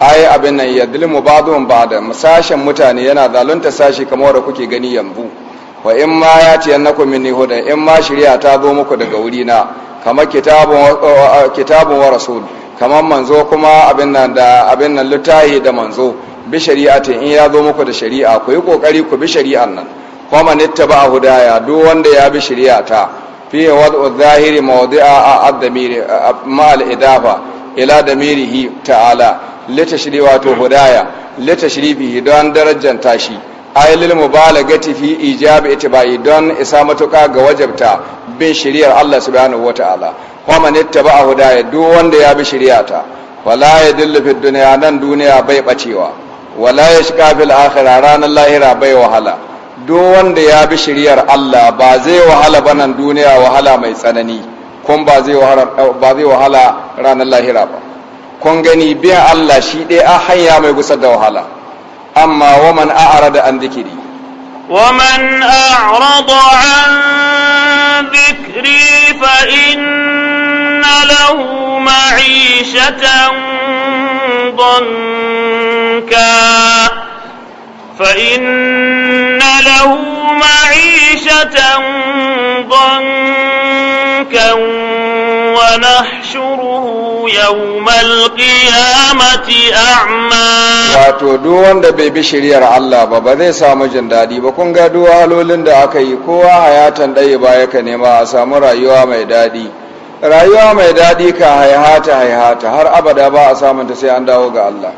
ai abin nan ya ba da ba da. Sashen mutane yana zalunta sashe kamar da kuke gani yanzu wa in ma ya ci min ni huda in ma shari'a ta zo muku daga wuri na kamar kitabun kitabun wa rasul kamar manzo kuma abin nan da abin nan litahi da manzo bi shari'atin in ya zo muku da shari'a ku yi kokari ku bi shari'an nan kuma nittaba hudaya duk wanda ya bi shari'a ta. fi wad'u zahiri mawdi'a ad-damiri ma'al idafa ila damirihi ta'ala litashri wato hudaya litashrifihi don lilmu tashi ayyul mubalagati fi ijabi itibai don isa matuka ga wajabta bin shari'ar Allah subhanahu wataala kuma nittaba hudaya duk wanda ya bi ta. wala ya dillu nan duniya bai bacewa ولا يشكى في الآخر عران الله ربي وحلا دون ديا بشريار الله بازي وحلا بنا دونيا وحلا ميسانني كون بازي وحلا بازي وحلا ران الله ربا كون غني بيا الله شيدي أحيا ميقصد وحلا أما ومن أعرض عن ذكري ومن أعرض عن ذكري فإن له معيشة ضنك شركا فإن له معيشة ضنكا ونحشره يوم القيامة أعمى wato duk wanda bai bi shiryar Allah ba ba zai samu jin daɗi ba kun ga duk halolin da aka yi kowa hayatan ɗaya ba yaka nema a samu rayuwa mai daɗi rayuwa mai daɗi ka haihata haihata har abada ba a samunta sai an dawo ga Allah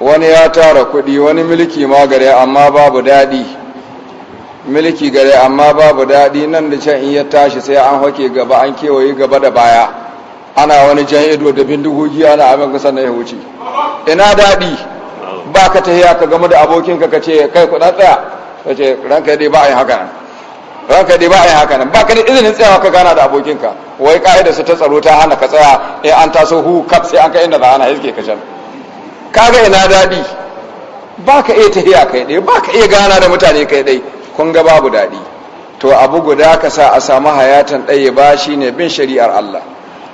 wani ya tara kuɗi wani miliki ma gare amma babu daɗi miliki gare amma babu daɗi nan da can in ya tashi sai an hake gaba an kewaye gaba da baya ana wani jan ido da bindigogi ana abin kusa na ya wuce ina daɗi ba ka ta ka gamu da abokinka ka ce kai kuɗa tsaya ka ce ranka dai ba a yi haka nan ranka dai ba a yi haka nan ba ka da izinin tsayawa ka gana da abokinka wai ka'idar su ta tsaro ta hana ka tsaya in an taso hu kaf sai an ka inda za ana iske ka can kaga ina daɗi ba ka iya tahiya kai ɗaya ba ka iya gana da mutane kai ɗaya. kun ga babu daɗi to abu guda ka sa a samu hayatan ɗaya ba shi ne bin shari'ar Allah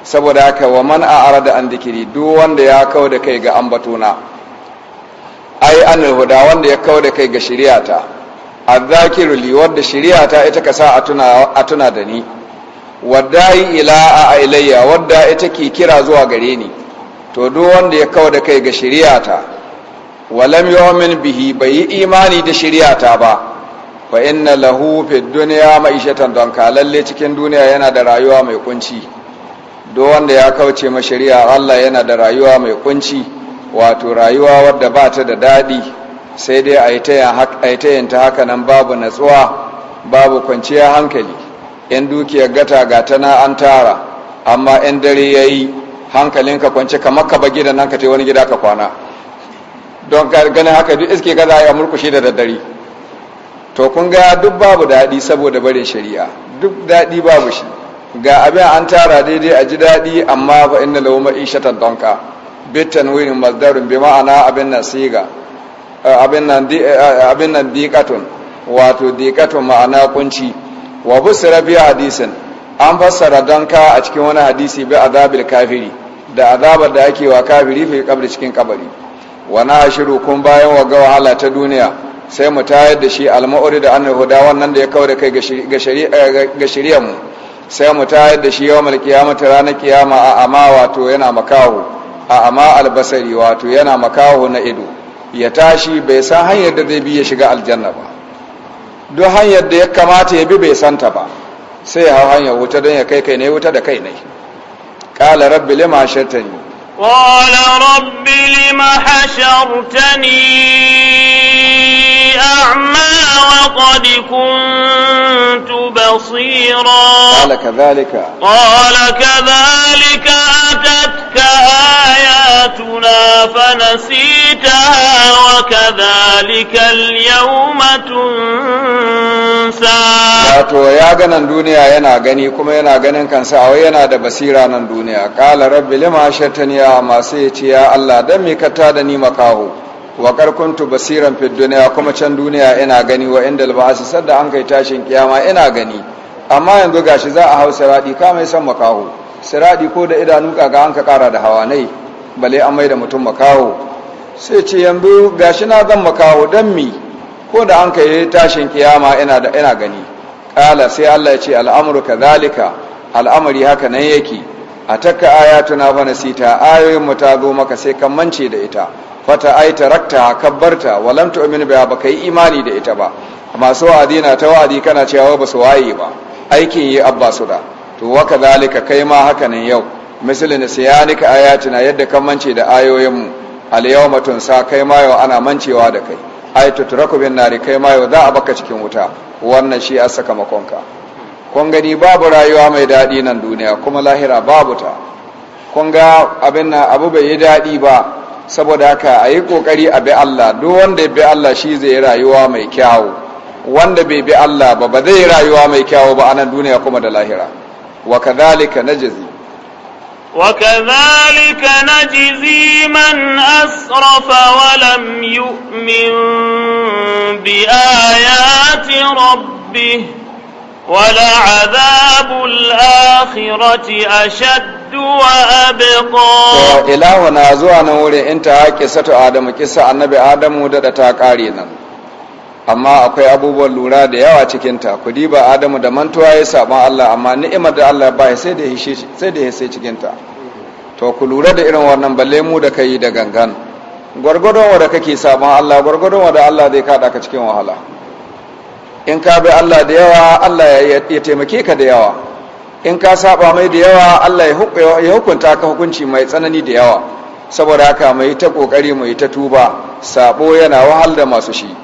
saboda haka wa man a da an dikiri duk wanda ya kawo da kai ga ambatona ai an huda wanda ya kawo da kai ga ta azzakiru li wanda ta ita ka sa a tuna da ni wadda ila a ilayya wadda ita ke kira zuwa gare ni to duk wanda ya kawo da kai ga ta walam yu'min bihi bai yi imani da ta ba fa inna lahu fid dunya ma'ishatan don ka lalle cikin duniya yana da rayuwa mai kunci duk wanda ya kauce ma shari'a Allah yana da rayuwa mai kunci wato rayuwa wadda ba ta da daɗi. sai dai a yi ta haka nan babu natsuwa babu kwanciyar hankali in dukiyar gata gata na an tara amma yan dare ya yi ka kwance kamar ka ba gida nan ka wani gida ka kwana don ganin haka duk iske ka za murkushe da daddare to kun ga duk babu daɗi saboda barin shari'a duk daɗi babu shi ga abin an tara daidai a ji daɗi amma ba inna lau ma'ishatan donka bitan wurin mazdarin bi ma'ana abin nan siga eh, abin nan dikatun eh, eh, wato dikatun ma'ana kunci wa busra bi hadisin an fassara danka a cikin wani hadisi bi azabil kafiri da azabar da ake wa kafiri fi kabri cikin kabari wa na shiru kun bayan wa ga wahala ta duniya sai mu tayar da shi alma'uri da annar huda wannan da ya kawo da kai ga shari'a eh, mu sai mu tayar da shi yawmal qiyamati ranar kiyama a ama wato yana makahu a ama albasari wato yana makaho na ido ya tashi bai san hanyar da zai bi ya shiga aljanna ba duk hanyar da ya kamata ya bi bai santa ba sai ya hau hanyar wuta don ya kai kai ne wuta da kai ne قال رب لما حشرتني قال رب لم حشرتني أعمى وقد كنت بصيرا قال كذلك قال كذلك أتتك آياتنا فنسيتها وكذلك اليوم تنسى wato ya ganan duniya yana gani kuma yana ganin kansa a yana da basira nan duniya Kala rabbi lima shattani ya masu ya Allah dan mai kata da ni makaho wa kuntu basiran fi duniya kuma can duniya ina gani wa indal ba'si sadda an kai tashin kiyama ina gani amma yanzu gashi za a hau siradi ka mai san makaho siradi ko da idanu kaga an ka kara da nai bale an mai da mutum makaho sai ce yanzu gashi na zan makaho dan mi ko da an kai tashin kiyama ina gani ƙala sai Allah ya ce al'amuru ka zalika al'amari haka nan yake a takka ayatuna sita. ayoyin ayoyinmu ta zo maka sai kan mance da ita fata ai tarakta kabbarta walam tu'min biha baka yi imani da ita ba masu wa'azi na ta wa'azi kana cewa ba su waye ba aikin yi abba su da to wa kadhalika kai ma haka nan yau misalin siyanika ayatina yadda kan mance da ayoyinmu al yawma sa kai ma yau ana mancewa da kai ayatu turaku na nari kai ma yau za a baka cikin wuta wannan shi a makonka kun gani babu rayuwa mai daɗi nan duniya kuma lahira babu ta kun ga abin na abu bai yi daɗi ba saboda haka a yi ƙoƙari a bi Allah duk wanda ya bi Allah shi zai yi rayuwa mai kyawu wanda bai bi Allah ba ba zai yi rayuwa mai kyawu ba a nan duniya kuma da lahira wa kadhalika najzi وكذلك نجزي من أسرف ولم يؤمن بآيات ربه ولعذاب الآخرة أشد وأبقى إلهنا زوانا ولي انت هاكي ستو آدم كسا النبي آدم ودد تاكارينا amma akwai abubuwan lura da yawa cikinta ku diba adamu da mantuwa ya saban allah amma ni'imar da allah ba sai da ya sai cikinta to ku lura da irin wannan balle mu da kai da gangan gwargwadon wa da kake saban allah gurgurdon wa da allah zai kada ka cikin wahala in ka bi allah da yawa allah ya taimake ka da yawa in ka saba mai da yawa allah ya hukunta ka hukunci mai tsanani da yawa saboda haka mai ta kokari mai ta tuba sabo yana wahal da masu shi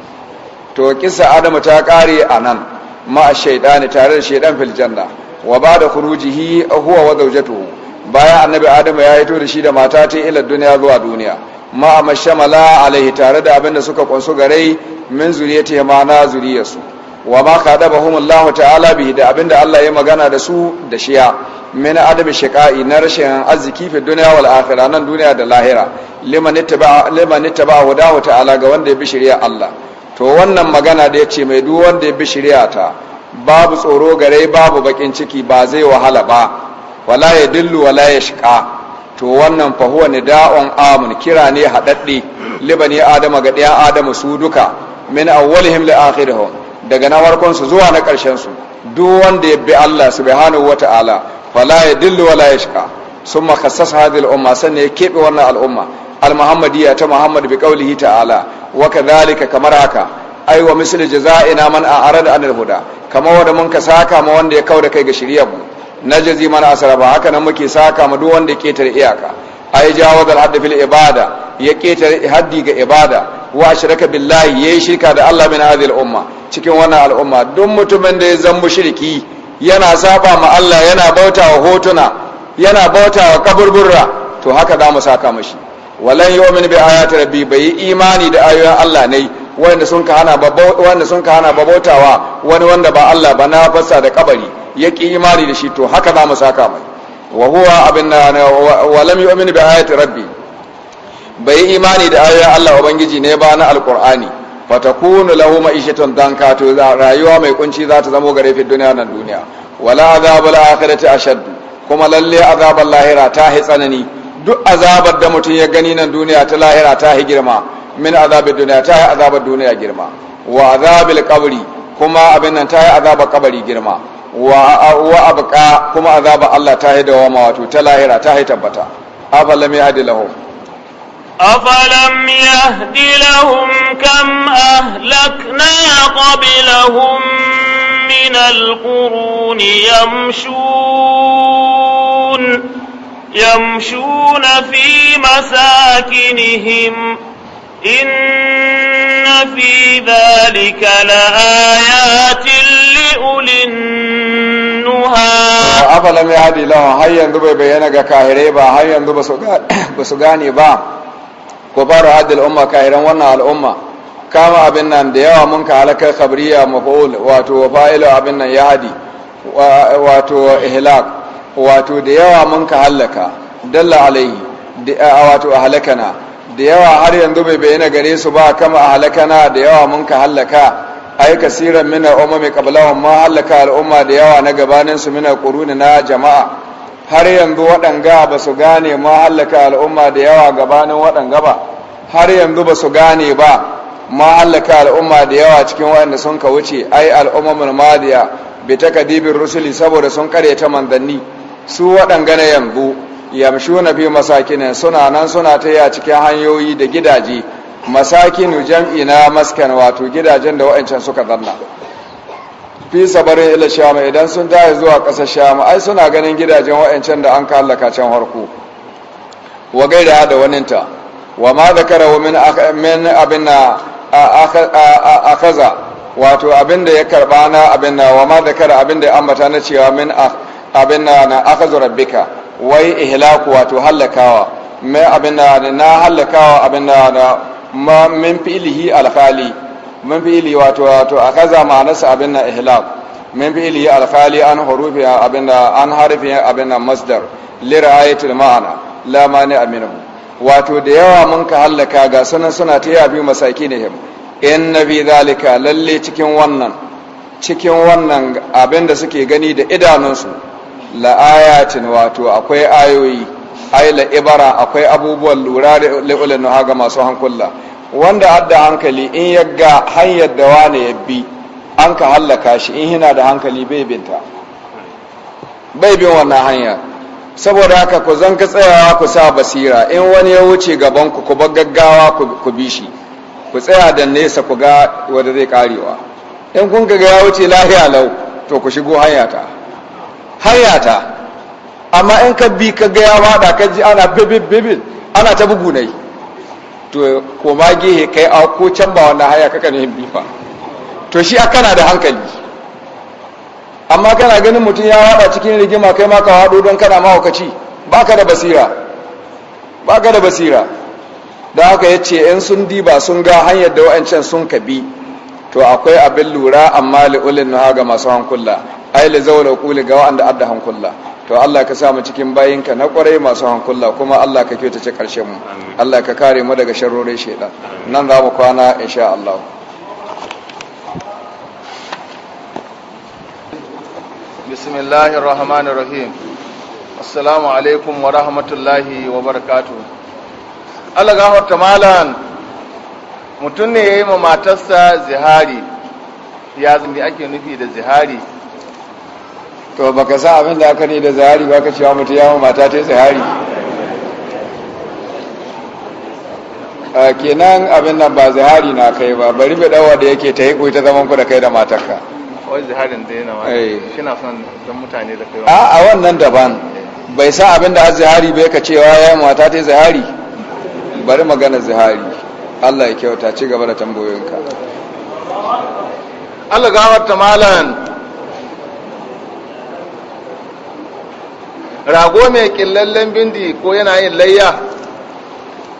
to kisa adamu ta kare a nan ma shaidani tare da shaidan filjanna wa ba da a huwa wa zaujato. bayan annabi adamu ya yi hito da shi da mata ta ilar duniya zuwa duniya ma mashamala alaihi tare da abin da suka kunsu gare min zuriyati ma na zuriyarsu wa ma kadabahum Allah ta'ala bihi da abinda Allah ya magana da su da shiya min Adamu shiqa'i na rashin arziki fi dunya wal akhirah nan duniya da lahira liman ittaba liman ittaba hudahu ta'ala ga wanda ya bi shari'a Allah to wannan magana da ya ce mai duk wanda ya bi shiriya ta babu tsoro gare babu bakin ciki ba zai wahala ba wala ya dillu wala ya shika to wannan fahuwa huwa da'on amun kira ne haɗaɗɗe libani adama ga ɗaya adama su duka min awwalihim li akhirihim daga na farkon su zuwa na ƙarshen su duk wanda ya bi Allah subhanahu wata'ala wala ya dillu wala ya shika summa khassas hadhihi al-umma sannan ya kebe wannan al'umma al-muhammadiyya ta muhammad bi qawlihi ta'ala wa kadhalika kamar haka ai wa misli jazaina man a'rada an huda kamar wanda mun ka saka ma wanda ya kauda kai ga shiriyar mu najazi man asraba haka nan muke saka ma duk wanda ya tar iyaka ai al hadd fil ibada ya keta haddi ga ibada wa shirka billahi yayi shirka da Allah min hadhihi umma cikin wannan al'umma duk mutumin da ya zan shirki yana saba ma Allah yana bautawa hotuna yana bautawa kaburburra to haka da mu saka mashi walan yu'min bi ayati rabbi bai imani da ayoyin Allah ne wanda sun ka hana wanda sun ka hana babotawa wani wanda ba Allah ba na fassa da kabari ya ki imani da shi to haka za mu saka mai wa huwa abinna walam yu'min bi ayati rabbi bai imani da ayoyin Allah ubangiji ne ba na alqur'ani fatakunu lahu ma'ishatan danka to rayuwa mai kunci za ta zama gare fi duniya nan duniya wala azabul akhirati ashad kuma lalle azabul lahira ta hi tsanani duk azabar da mutum ya gani nan duniya ta lahira ta yi girma min azabar duniya ta yi azabar duniya girma wa azabil kabari kuma abin nan ta yi azabar kabari girma wa abuka kuma azabar Allah ta yi dawama wato ta lahira ta yi tabbata afalam yahdi lahum afalam yahdi lahum kam ahlakna qablahum min alquruni yamshun يمشون في مساكنهم إن في ذلك لآيات لأولي النهى أفلم يهدي لهم هيا ذو بينا كاهري با هيا ذو بسغاني با كبار هذه الأمة كاهران ونا الأمة kama abin nan da yawa mun ka halakar khabriya mafa'ul wato fa'ilu abin nan yahdi wato ihlak wato da yawa mun ka hallaka dalla alaihi wato a halakana da yawa har yanzu bai bayyana gare su ba kama a halakana da yawa mun ka hallaka ai kasiran min mai qablahum ma halaka al'umma da yawa na gabanin su min quruni na jama'a har yanzu waɗanga ba su gane ma halaka al'umma da yawa gabanin waɗanga ba har yanzu ba su gane ba ma halaka al'umma da yawa cikin waɗanda sun ka wuce ai al'ummul madiya bi takdibir rusuli saboda sun karyata manzanni su waɗangana yanzu yamshu na fi masakinin suna nan suna ta yi a cikin hanyoyi da gidaje masakinu jam'i na maskan wato gidajen da wa'ancan suka zanna fi sabarin ila shama idan sun tahi zuwa ƙasar shama ai suna ganin gidajen wa'ancan da an kallaka can harko wa gaida da waninta wa ma zakara min abin na kaza, wato abin da ya karɓa na abin na wa ma zakara abin da ya ambata na cewa min a abin na na akazu rabbika wai ihlaku wato halakawa mai abin na na halakawa abin na na ma min fi'lihi alkhali min fi'li wato wato za ma'anarsa abin na ihlak min fi'lihi alkhali an hurufi abin na an harfi abin na masdar li ra'ayatil ma'ana la mani aminu wato da yawa mun ka halaka ga sunan suna ta yabi him in nabi zalika lalle cikin wannan cikin wannan abin da suke gani da idanunsu la'ayatin wato akwai ayoyi ai ibara akwai abubuwan lura da ulin nuha ga masu hankula wanda adda hankali in yagga hanyar da wane ya bi an ka hallaka shi in hina da hankali bai binta bai bin wannan hanya saboda haka ku zan ka tsayawa ku sa basira in wani ya wuce gaban ku ku bar gaggawa ku bi shi ku tsaya da nesa ku ga wanda zai karewa in kun ga ya wuce lahiya lau to ku shigo hanya ta hayata amma in ka bi ka gaya ya wada ka ji ana bibin bibin ana ta bugu ne to koma gehe kai a ko can ba wannan haya kaka ne bi fa to shi kana da hankali amma kana ganin mutum ya wada cikin rigima kai ma ka wado don kana mahaukaci baka da basira baka da basira da haka ya ce in sun diba sun ga hanyar da wa'ancan sun ka bi to akwai abin lura amma li'ulin na ga masu hankula ai la zawla quli ga wa'anda adda hankulla to Allah ka sa mu cikin bayinka na kwarai masu hankulla kuma Allah ka ce karshen mu Allah ka kare mu daga sharrorin shaitan nan za mu kwana insha Allah bismillahir rahmanir rahim assalamu alaikum wa rahmatullahi wa barakatuh Allah hotta malan mutum ne yayi ma matarsa zihari ya zambi ake nufi da zihari to baka sa abin da aka ne da zahari ba ka cewa mutu yawon mata ta zahari a kenan abin nan ba zahari na kai ba bari bai dawa da yake ta hiku ta zaman ku da kai da matarka wai zaharin da yana wani eh. shi na son don mutane da kai a wannan daban bai sa abin da zahari bai ka cewa ya mata ta zahari bari magana zahari Allah ya kyauta ci gaba da tambayoyinka Allah gawar ta malan rago mai ƙillallen bindi ko yana yin layya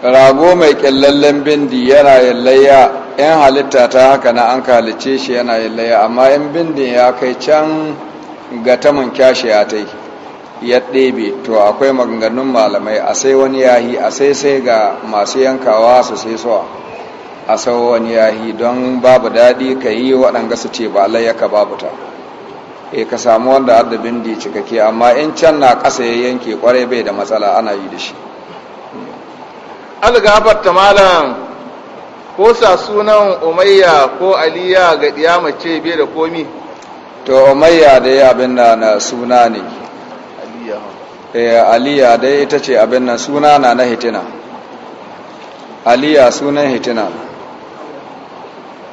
rago mai ƙillallen bindi yana yin layya yan halitta ta haka na an kalice shi yana yin layya amma yan bindin ya kai can ga taman kyashi ya ta ya ɗebe to akwai maganganun malamai a sai wani yahi a sai sai ga masu yankawa su sai suwa a sau wani yahi don babu daɗi ka yi waɗanda su ce ba layyaka babu ta e ka samu wanda addabin da ya cikake amma in can na ƙasa ya yanke kwarai bai da matsala ana yi da shi algabar ta malam ko sa sunan umayya ko aliya ga diyama ce bai da komi to umayya dai abin na na suna ne eh, aliya dai ita ce abin nan suna na na hitina aliya sunan hitina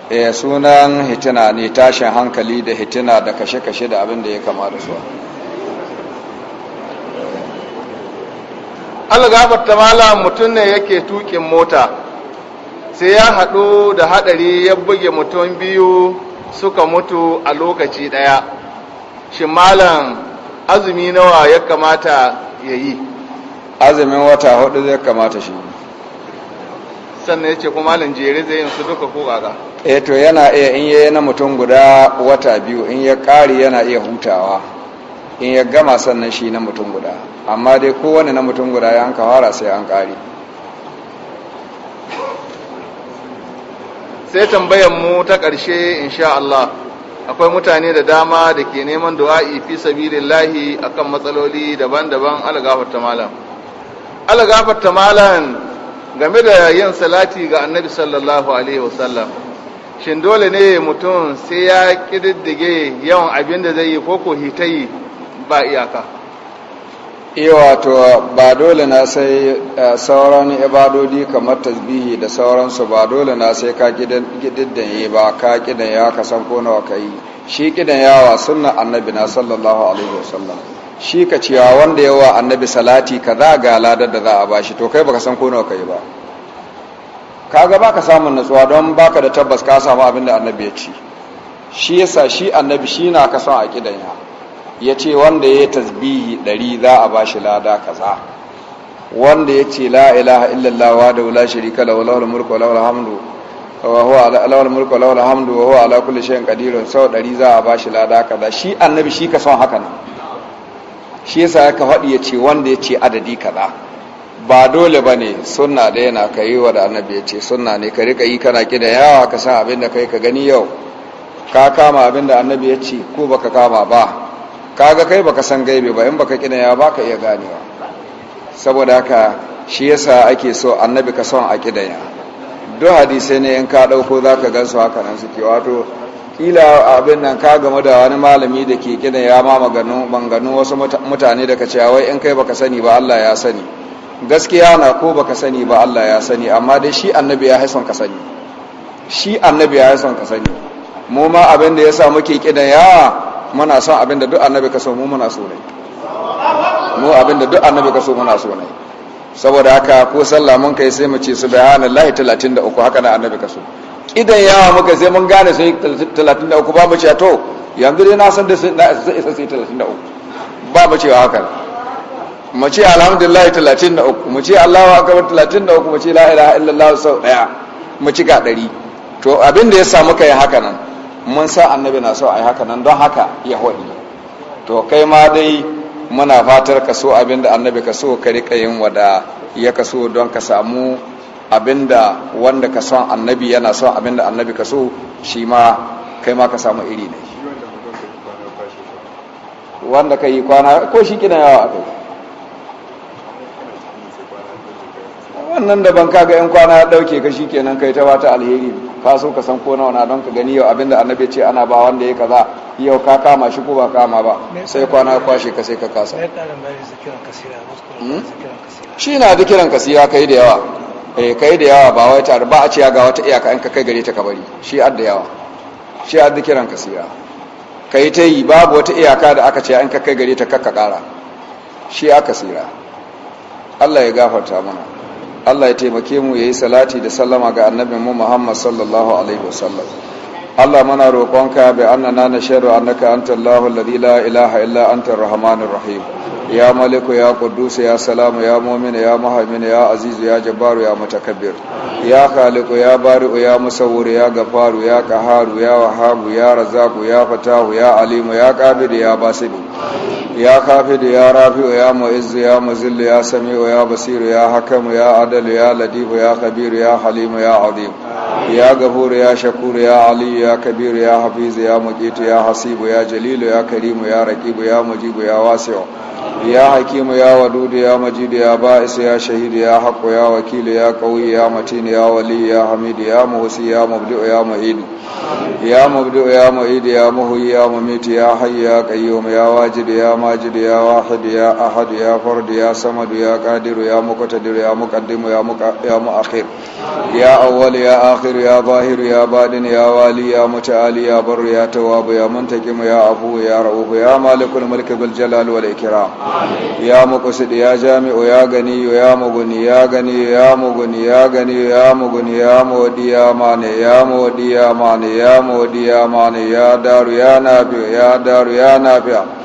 eh sunan hitina ne tashin hankali da hitina da kashe-kashe da abin da ya kama da su algabar ta malam mutum ne yake tukin mota sai ya haɗu da haɗari ya buge mutum biyu suka mutu a lokaci ɗaya shi malam azumi nawa ya kamata ya yi azumin wata hudu zai kamata shi sannan ya ce kuma malam jere zai yin su duka ko gaga eh to yana iya in yayi na mutum guda wata biyu in ya kare yana iya hutawa in ya gama sannan shi na mutum guda amma dai kowane na mutum guda ya an kawara sai an kare sai tambayar mu ta ƙarshe insha Allah akwai mutane da dama da ke neman du'a'i fi sabilillahi akan matsaloli daban-daban algafarta malam algafarta malam game da yin salati ga annabi sallallahu alaihi wasallam shin dole ne mutum sai ya kididdige yawan abin da zai yi ko ko hitayi ba iyaka iya eh, wato ba dole na sai eh, sauran ibadodi kamar tasbihi da sauransu ba dole na sai ka kididdan yi ba ka kidan ya ka san ko nawa ka yi shi kidan yawa sunna annabi na sallallahu alaihi wasallam shi ka cewa wanda yawa annabi salati kaza ga ladar da za a bashi to kai baka san ko nawa kai ba ga baka samun natsuwa don baka da tabbas ka samu abin da annabi ya ci shi yasa shi annabi shi na ka son a kidanya ya ce wanda ya tasbihi ɗari za a bashi lada kaza wanda ya ce la ilaha illallah wa da wula shirika la wala mulku wa la hamdu wa huwa ala lawal mulku wa hamdu wa huwa ala kulli shay'in qadirun sau ɗari za a bashi lada kaza shi annabi shi ka son haka ne shi yasa aka faɗi ya ce wanda ya ce adadi kaɗa. ba dole ba ne suna da yana ka yi wa da annabi ya ce suna ne ka riƙa yi kana ki da yawa ka san abin da kai ka gani yau ka kama abin da annabi ya ce ko ba ka kama ba Ka ga kai ba ka san gaibe ba in ki da yawa ba ka iya ganewa saboda haka shi yasa ake so annabi ka son a da yawa. duk hadisai ne in ka dauko zaka gan su haka nan suke wato kila abin nan ka game da wani malami da ke kina ya ma maganu banganu wasu mutane da ka ce wai in kai baka sani ba Allah ya sani gaskiya na ko baka sani ba Allah ya sani amma dai shi annabi ya haison ka sani shi annabi ya haison ka sani mu ma abin da yasa muke kina ya muna son abin da duk annabi ka so mu muna so ne mu abin da duk annabi ka so muna so ne saboda haka ko sallah mun kai sai mu ce subhanallahi 33 haka na annabi ka so idan yawa muka sai mun gane sai 33 ba mu ce to yanzu dai na san da sai 33 ba mu ce haka mu ce alhamdulillah 33 mu ce Allahu akbar 33 mu ce la ilaha illallah sau daya mu ci ga dari to abin da ya samu kai haka nan mun sa annabi na sau ai haka nan don haka ya hodi to kai ma dai muna fatar ka so abin da annabi ka so ka rika yin wada ya kaso don ka samu abinda wanda ka son annabi yana son abinda annabi ka so shi ma kai ma ka samu iri ne wanda ka yi kwana ko shi kina yawa a kai wannan da ban kaga yan kwana ya dauke ka shikenan kai ta wata alheri ka so ka san ko nawa na don ka gani yau abinda annabi ce ana ba wanda ya kaza yau ka kama shi ko ba kama ba sai kwana ya kwashe ka sai ka kasa hmm? shi na da kiran kasira kai da yawa Eh, kai da yawa ba wai tare ba a ce ga wata iyaka in ka kai gare ta ka bari shi adda yawa shi adda kiran kasira kai ta yi babu wata iyaka da aka ce in ka kai gare ta kakka kara shi aka sira Allah ya gafarta mana Allah ya taimake mu yayi salati da sallama ga annabin mu Muhammad sallallahu alaihi wasallam Allah mana roƙonka bi annana nashhadu annaka antallahu alladhi la ilaha illa antar rahmanir rahim ya maliku ya kudusa ya salamu ya momina ya muhammina ya azizu ya jabaru ya matakabir ya khaliku ya bari'u ya musawwir ya gafaru ya kaharu ya wahabu ya razaku ya fatahu ya alimu ya qabidu ya basidu ya kafidu ya rafi'u ya mu'izzu ya muzillu ya sami'u ya basiru ya hakamu ya adalu ya ladifu ya khabiru ya halimu ya azim ya gafuru ya shakuru ya aliyu ya kabiru ya hafizu ya muqitu ya hasibu ya jalilu ya karimu ya raqibu ya mujibu ya wasi'u ya hakimu ya wadudu ya majidu ya ba'is ya shahidu ya haqqu ya wakili ya qawi ya matin ya wali ya hamidu ya muhsi ya mubdi'u ya mu'idu ya mubdi'u ya mu'idu ya muhyi ya mumitu ya hayyu ya qayyum ya wajidu ya majidu ya wahidu ya ahadu ya fardu ya samadu ya qadiru ya muqtadiru ya muqaddimu ya ya muakhir ya awwal ya akhir ya zahir ya badin ya wali ya mutaali ya barru ya tawwab ya muntakim ya afu ya ra'uf ya malikul mulki bil jalali wal ikram ya muqsid ya jami'u ya gani ya muguni ya gani ya muguni ya gani ya muguni ya mawdi ya mane ya mawdi ya mane ya mawdi ya mane ya daru ya nafi ya daru ya nafi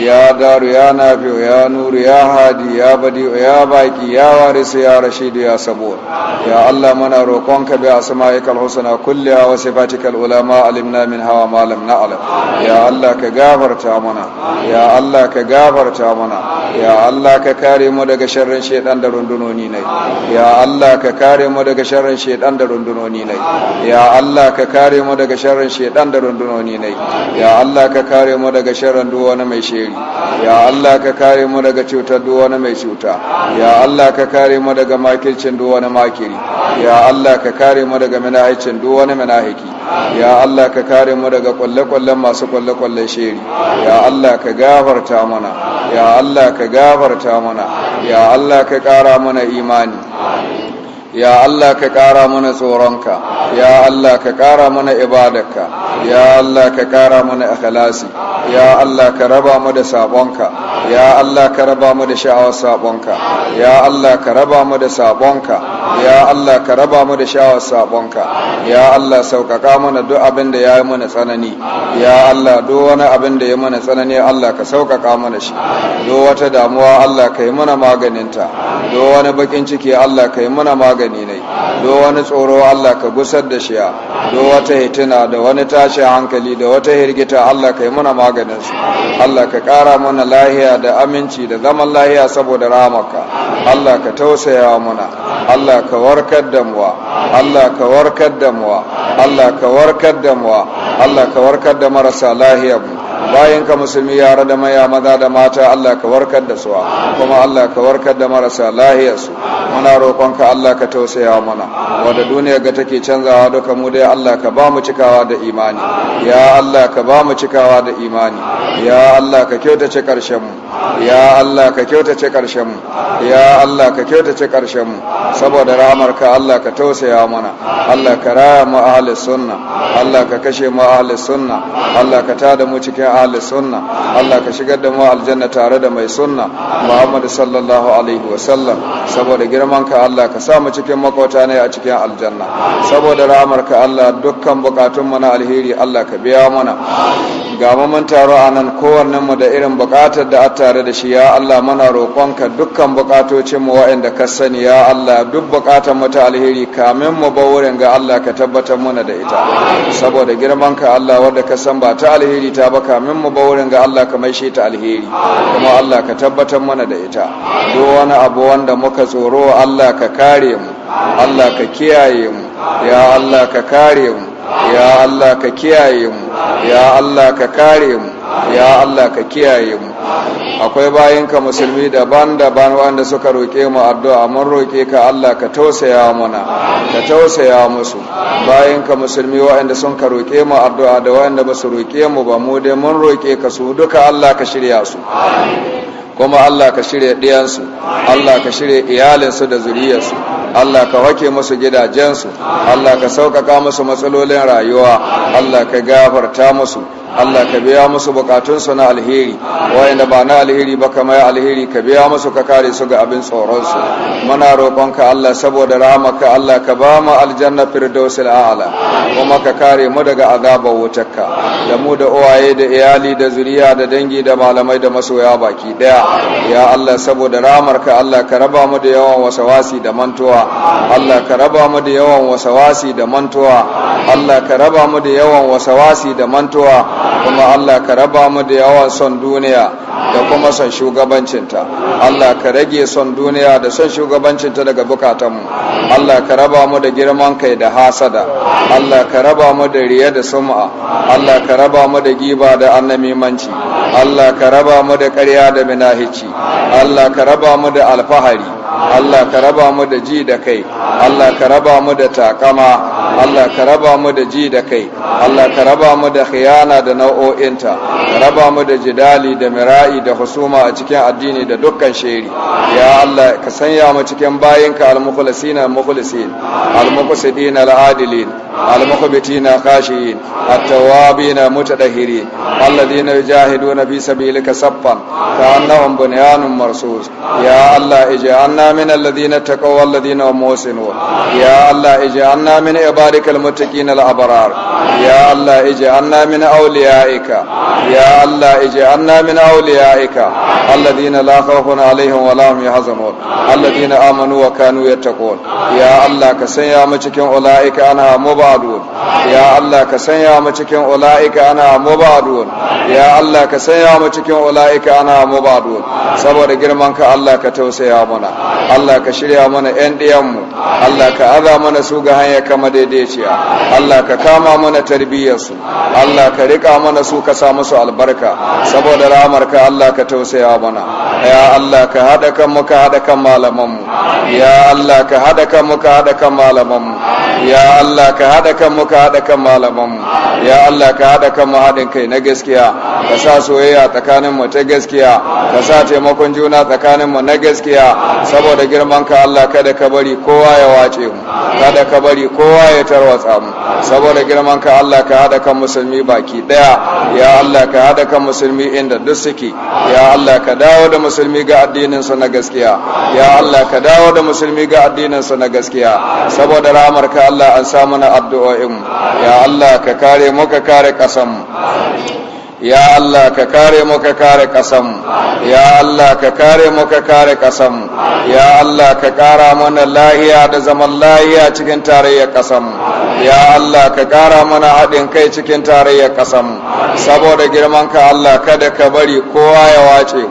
ya daru ya nafi ya nuru ya hadi ya badi ya baki ya warisu ya rashidu ya sabuwa. ya Allah mana roƙonka bi asma'ikal husna kulliha wa sifatikal ulama alimna min hawa ma lam na'lam ya Allah ka gafarta mana ya Allah ka gafarta mana ya Allah ka kare mu daga sharrin shaytan da rundunoni ne ya Allah ka kare mu daga sharrin shaytan da rundunoni ne ya Allah ka kare mu daga sharrin shaytan da rundunoni ne ya Allah ka kare mu daga sharrin duwa wani mai shiri ya Allah ka kare mu daga cutar duk wani mai cuta ya Allah ka kare mu daga makircin duk wani makiri ya Allah ka kare mu daga minahicin duk wani minahiki ya Allah ka kare mu daga kwalle-kwallen masu kwalle-kwallen sheri ya Allah ka gafarta mana ya Allah ka gafarta mana ya Allah ka kara mana imani ya Allah ka ƙara mana tsoronka ya Allah ka ƙara mana ibadarka ya Allah ka ƙara mana akhlasi ya Allah ka raba mu da sabonka ya Allah ka raba mu da sha'awar sabonka ya Allah ka raba mu da sabonka ya Allah ka raba mu da sha'awar sabonka ya Allah sauƙaƙa mana duk abin da ya yi mana tsanani ya Allah duk wani abin da ya yi mana tsanani Allah ka sauƙaƙa mana shi duk wata damuwa Allah ka yi mana maganinta duk wani bakin ciki Allah ka yi mana maganinta magani ne do wani tsoro Allah ka gusar da shi do wata hitina da wani tashin hankali da wata hirgita Allah ka yi muna maganin su Allah ka kara mana lahiya da aminci da zaman lahiya saboda ramaka, Allah ka tausaya muna Allah ka warkar da muwa Allah ka warkar da muwa Allah ka warkar da muwa Allah ka warkar da marasa lahiyar mu bayan ka musulmi yara da maya maza da mata Allah ka warkar da su kuma Allah ka warkar da marasa lahiyarsu muna roƙonka Allah ka tausaya mana wadda duniya ga take canzawa duka mu dai Allah ka ba mu cikawa da imani ya Allah ka ba mu cikawa da imani ya Allah ka kyautace karshen mu ya Allah ka kyautace karshen mu ya Allah ka kyautace karshen mu saboda ka, Allah ka tausaya mana Allah ka raya mu ahli sunna Allah ka kashe mu ahli sunna Allah ka tada mu cikin ahli sunna Allah ka shigar da mu aljanna tare da mai sunna Muhammad sallallahu alaihi wasallam saboda girman ka Allah ka sa mu cikin makota ne a cikin aljanna saboda rahmar ka Allah dukkan bukatun mu na alheri Allah ka biya mana ga mun taro nan kowannen mu da irin bukatar da tare da shi ya Allah muna ka dukkan bukatocin mu waɗanda ka sani ya Allah duk bukatar mu ta alheri kamin mu wurin ga Allah ka tabbatar mana da ita saboda girman ka Allah wanda ka san ba ta alheri ta baka samun mu ba ga Allah ka maishe ta alheri kuma Allah ka tabbatar mana da ita duk wani abu wanda muka tsoro Allah ka kare mu Allah ka kiyaye mu ya Allah ka kare mu ya Allah ka kiyaye mu ya Allah ka kare mu ya Allah ka kiyaye mu akwai bayinka musulmi daban-daban wanda suka roƙe mu addu'a mun roƙe ka Allah ka tausaya mana ka tausaya musu bayinka musulmi wanda sun ka roƙe mu addu'a da wanda ba su roƙe mu ba mu dai mun roƙe ka su duka Allah ka shirya su kuma Allah ka shirya ɗiyansu Allah ka shirya iyalinsu da zuriyarsu Allah ka wake musu gidajensu Allah ka sauƙaƙa musu matsalolin rayuwa Allah ka gafarta musu Allah ka biya musu bukatunsu na alheri wa'anda ba na alheri ba kama ya alheri ka biya musu ka kare su ga abin tsoronsu muna roƙonka Allah saboda rahamaka Allah ka ba mu aljanna firdausil a'la kuma ka kare mu daga azabar wutarka da mu da uwaye da iyali da zuriya da dangi da malamai da masoya baki daya ya Allah saboda rahamarka Allah ka raba mu da yawan wasawasi da mantuwa Allah ka raba mu da yawan wasawasi da mantuwa Allah ka raba mu da yawan wasawasi da mantuwa kuma Allah ka raba mu da yawan son duniya da kuma son shugabancinta Allah ka rage son duniya da son shugabancinta daga bukatanmu Allah ka raba mu da girman kai da hasada Allah ka raba mu da riya da sum'a Allah ka raba mu da giba da manci Allah ka raba mu da ƙarya da minahici Allah ka raba mu da alfahari Allah ka raba mu da ji da kai Allah ka raba mu da takama Allah ka raba mu da ji da kai Allah ka raba mu da khiyana da nau'o'inta ka raba mu da jidali da mira'i da husuma a cikin addini da dukkan shiri. ya Allah ka sanya mu cikin bayinka al-mukhlisin al-mukhlisin al-muqsitin al-adilin al-muqbitin khashiyin at-tawabin mutadahirin alladhina yujahiduna fi sabilika saffan ka bunyanun marsus ya Allah ij'alna واجعلنا من الذين اتقوا والذين هم محسنون يا الله اجعلنا من عبادك المتقين الابرار يا الله اجعلنا من اوليائك يا الله اجعلنا من اوليائك الذين لا خوف عليهم ولا هم يحزنون الذين امنوا وكانوا يتقون يا الله كسيا مچكين اولئك انا مبعدون يا الله كسيا مچكين اولئك انا مبعدون يا الله كسيا مچكين اولئك انا مبعدون saboda girman ka Allah ka tausaya mana Allah ka shirya mana 'yan ɗiyanmu Allah ka aza mana su ga hanyar kama daidaiciya Allah ka kama mana tarbiyyarsu Allah ka riƙa mana su ka samu su albarka saboda ramarka Allah ka tausaya mana ya Allah ka haɗa kan mu ka haɗa kan malamanmu ya Allah ka haɗa kan mu ka haɗa kan malamanmu ya Allah ka haɗa kan mu ka haɗa kan malamanmu, ya Allah ka haɗa kan mu haɗin kai na gaskiya ka sa soyayya tsakanin mu ta gaskiya ka sa taimakon juna tsakanin mu na gaskiya saboda girman ka Allah kada ka bari kowa ya wace mu kada ka bari kowa ya tarwatsa mu saboda girman ka Allah ka haɗa kan musulmi baki ɗaya, ya Allah ka haɗa kan musulmi inda duk suke ya Allah ka dawo da musulmi ga addinin sa na gaskiya ya Allah ka dawo da musulmi ga addinin sa na gaskiya saboda ramar ka Allah an sa mana addu'o'in ya Allah ka kare mu ka kare kasan mu ya Allah ka kare mu ka kare kasan ya Allah ka kare mu ka kare kasan ya Allah ka kara mana lahiya da zaman lahiya cikin tarayyar kasan ya Allah ka ƙara mana haɗin kai cikin tarayyar ƙasanmu saboda girman Allah kada ka bari kowa ya wace mu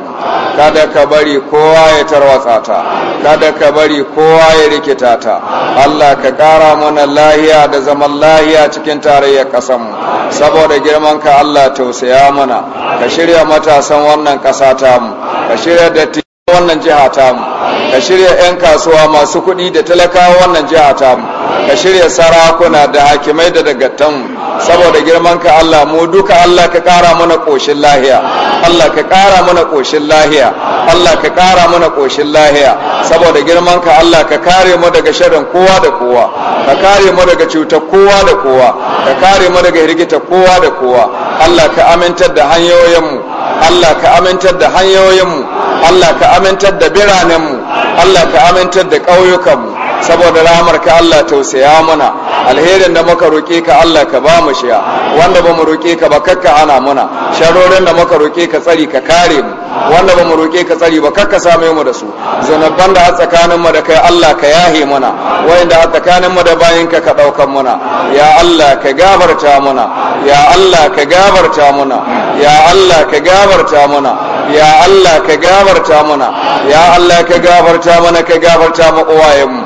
kada ka bari kowa ya tarwatsa ta kada ka bari kowa ya rikita ta Allah ka ƙara mana lahiya da zaman lahiya cikin tarayyar ƙasanmu saboda girman ka Allah tausaya mana ka shirya matasan wannan ƙasa ta mu, ka shirya datti wannan jiha mu, ka shirya 'yan kasuwa masu kuɗi da talakawa wannan jiha mu. ka shirya sarakuna da hakimai da dagatan saboda girman ka Allah mu duka Allah ka kara mana koshin lahiya Allah ka kara mana koshin lahiya Allah ka kara mana koshin lahiya saboda girman ka Allah ka kare mu daga sharrin kowa da kowa ka kare mu daga cutar kowa da kowa ka kare mu daga hirgita kowa da kowa Allah ka amintar da hanyoyin mu. Allah ka amintar da hanyoyin mu. Allah ka amintar da biranen mu. Allah ka amintar da ƙauyukan mu. saboda ramar ka Allah tausaya mana alherin da muka roƙe ka Allah ka ba mu shiya wanda ba mu roƙe ka ba kakka ana muna sharorin da muka roƙe ka tsari ka kare mu wanda ba mu roƙe ka tsari ba kakka same mu da su zanabban da a tsakanin mu da kai Allah ka yahe muna wanda a tsakanin mu da bayin ka ka daukan muna ya Allah ka gabarta muna ya Allah ka gabarta muna ya Allah ka gabarta muna ya Allah ka gabarta muna ya Allah ka gabarta mana ka gabarta mu uwayen mu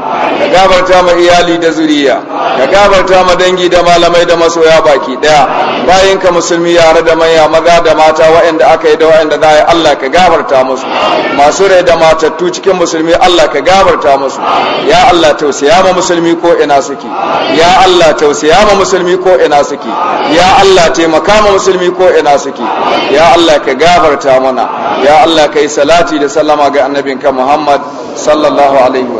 ka gabarta ma iyali da zuriya ka gabarta ma dangi da malamai da masoya baki daya bayan ka musulmi yare da manya maza da mata waɗanda aka yi da waɗanda za yi Allah ka gabarta musu masu rai da matattu cikin musulmi Allah ka gabarta musu ya Allah tausaya ma musulmi ko ina suke ya Allah tausaya ma musulmi ko ina suke ya Allah taimaka ma musulmi ko ina suke ya Allah ka gabarta mana ya Allah kai salati da sallama ga annabinka Muhammad sallallahu alaihi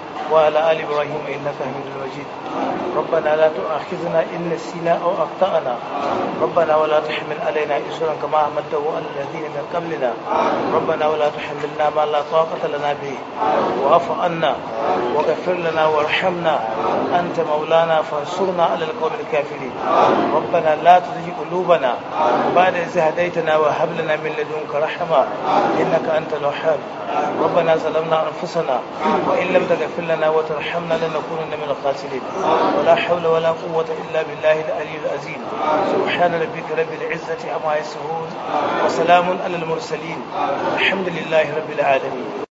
وعلى آل إبراهيم إنك حميد مجيد ربنا لا تؤاخذنا إن نسينا أو أخطأنا ربنا ولا تحمل علينا إسرا كما حملته على الذين من قبلنا ربنا ولا تحملنا ما لا طاقة لنا به واعف عنا واغفر لنا وارحمنا أنت مولانا فانصرنا على القوم الكافرين ربنا لا تزغ قلوبنا بعد إذ هديتنا وهب لنا من لدنك رحمة إنك أنت الوهاب ربنا ظلمنا أنفسنا وإن لم تغفر فاغفر لنا وترحمنا لنكونن من الخاسرين ولا حول ولا قوة إلا بالله العلي العظيم سبحان ربك رب العزة عما يصفون وسلام على المرسلين الحمد لله رب العالمين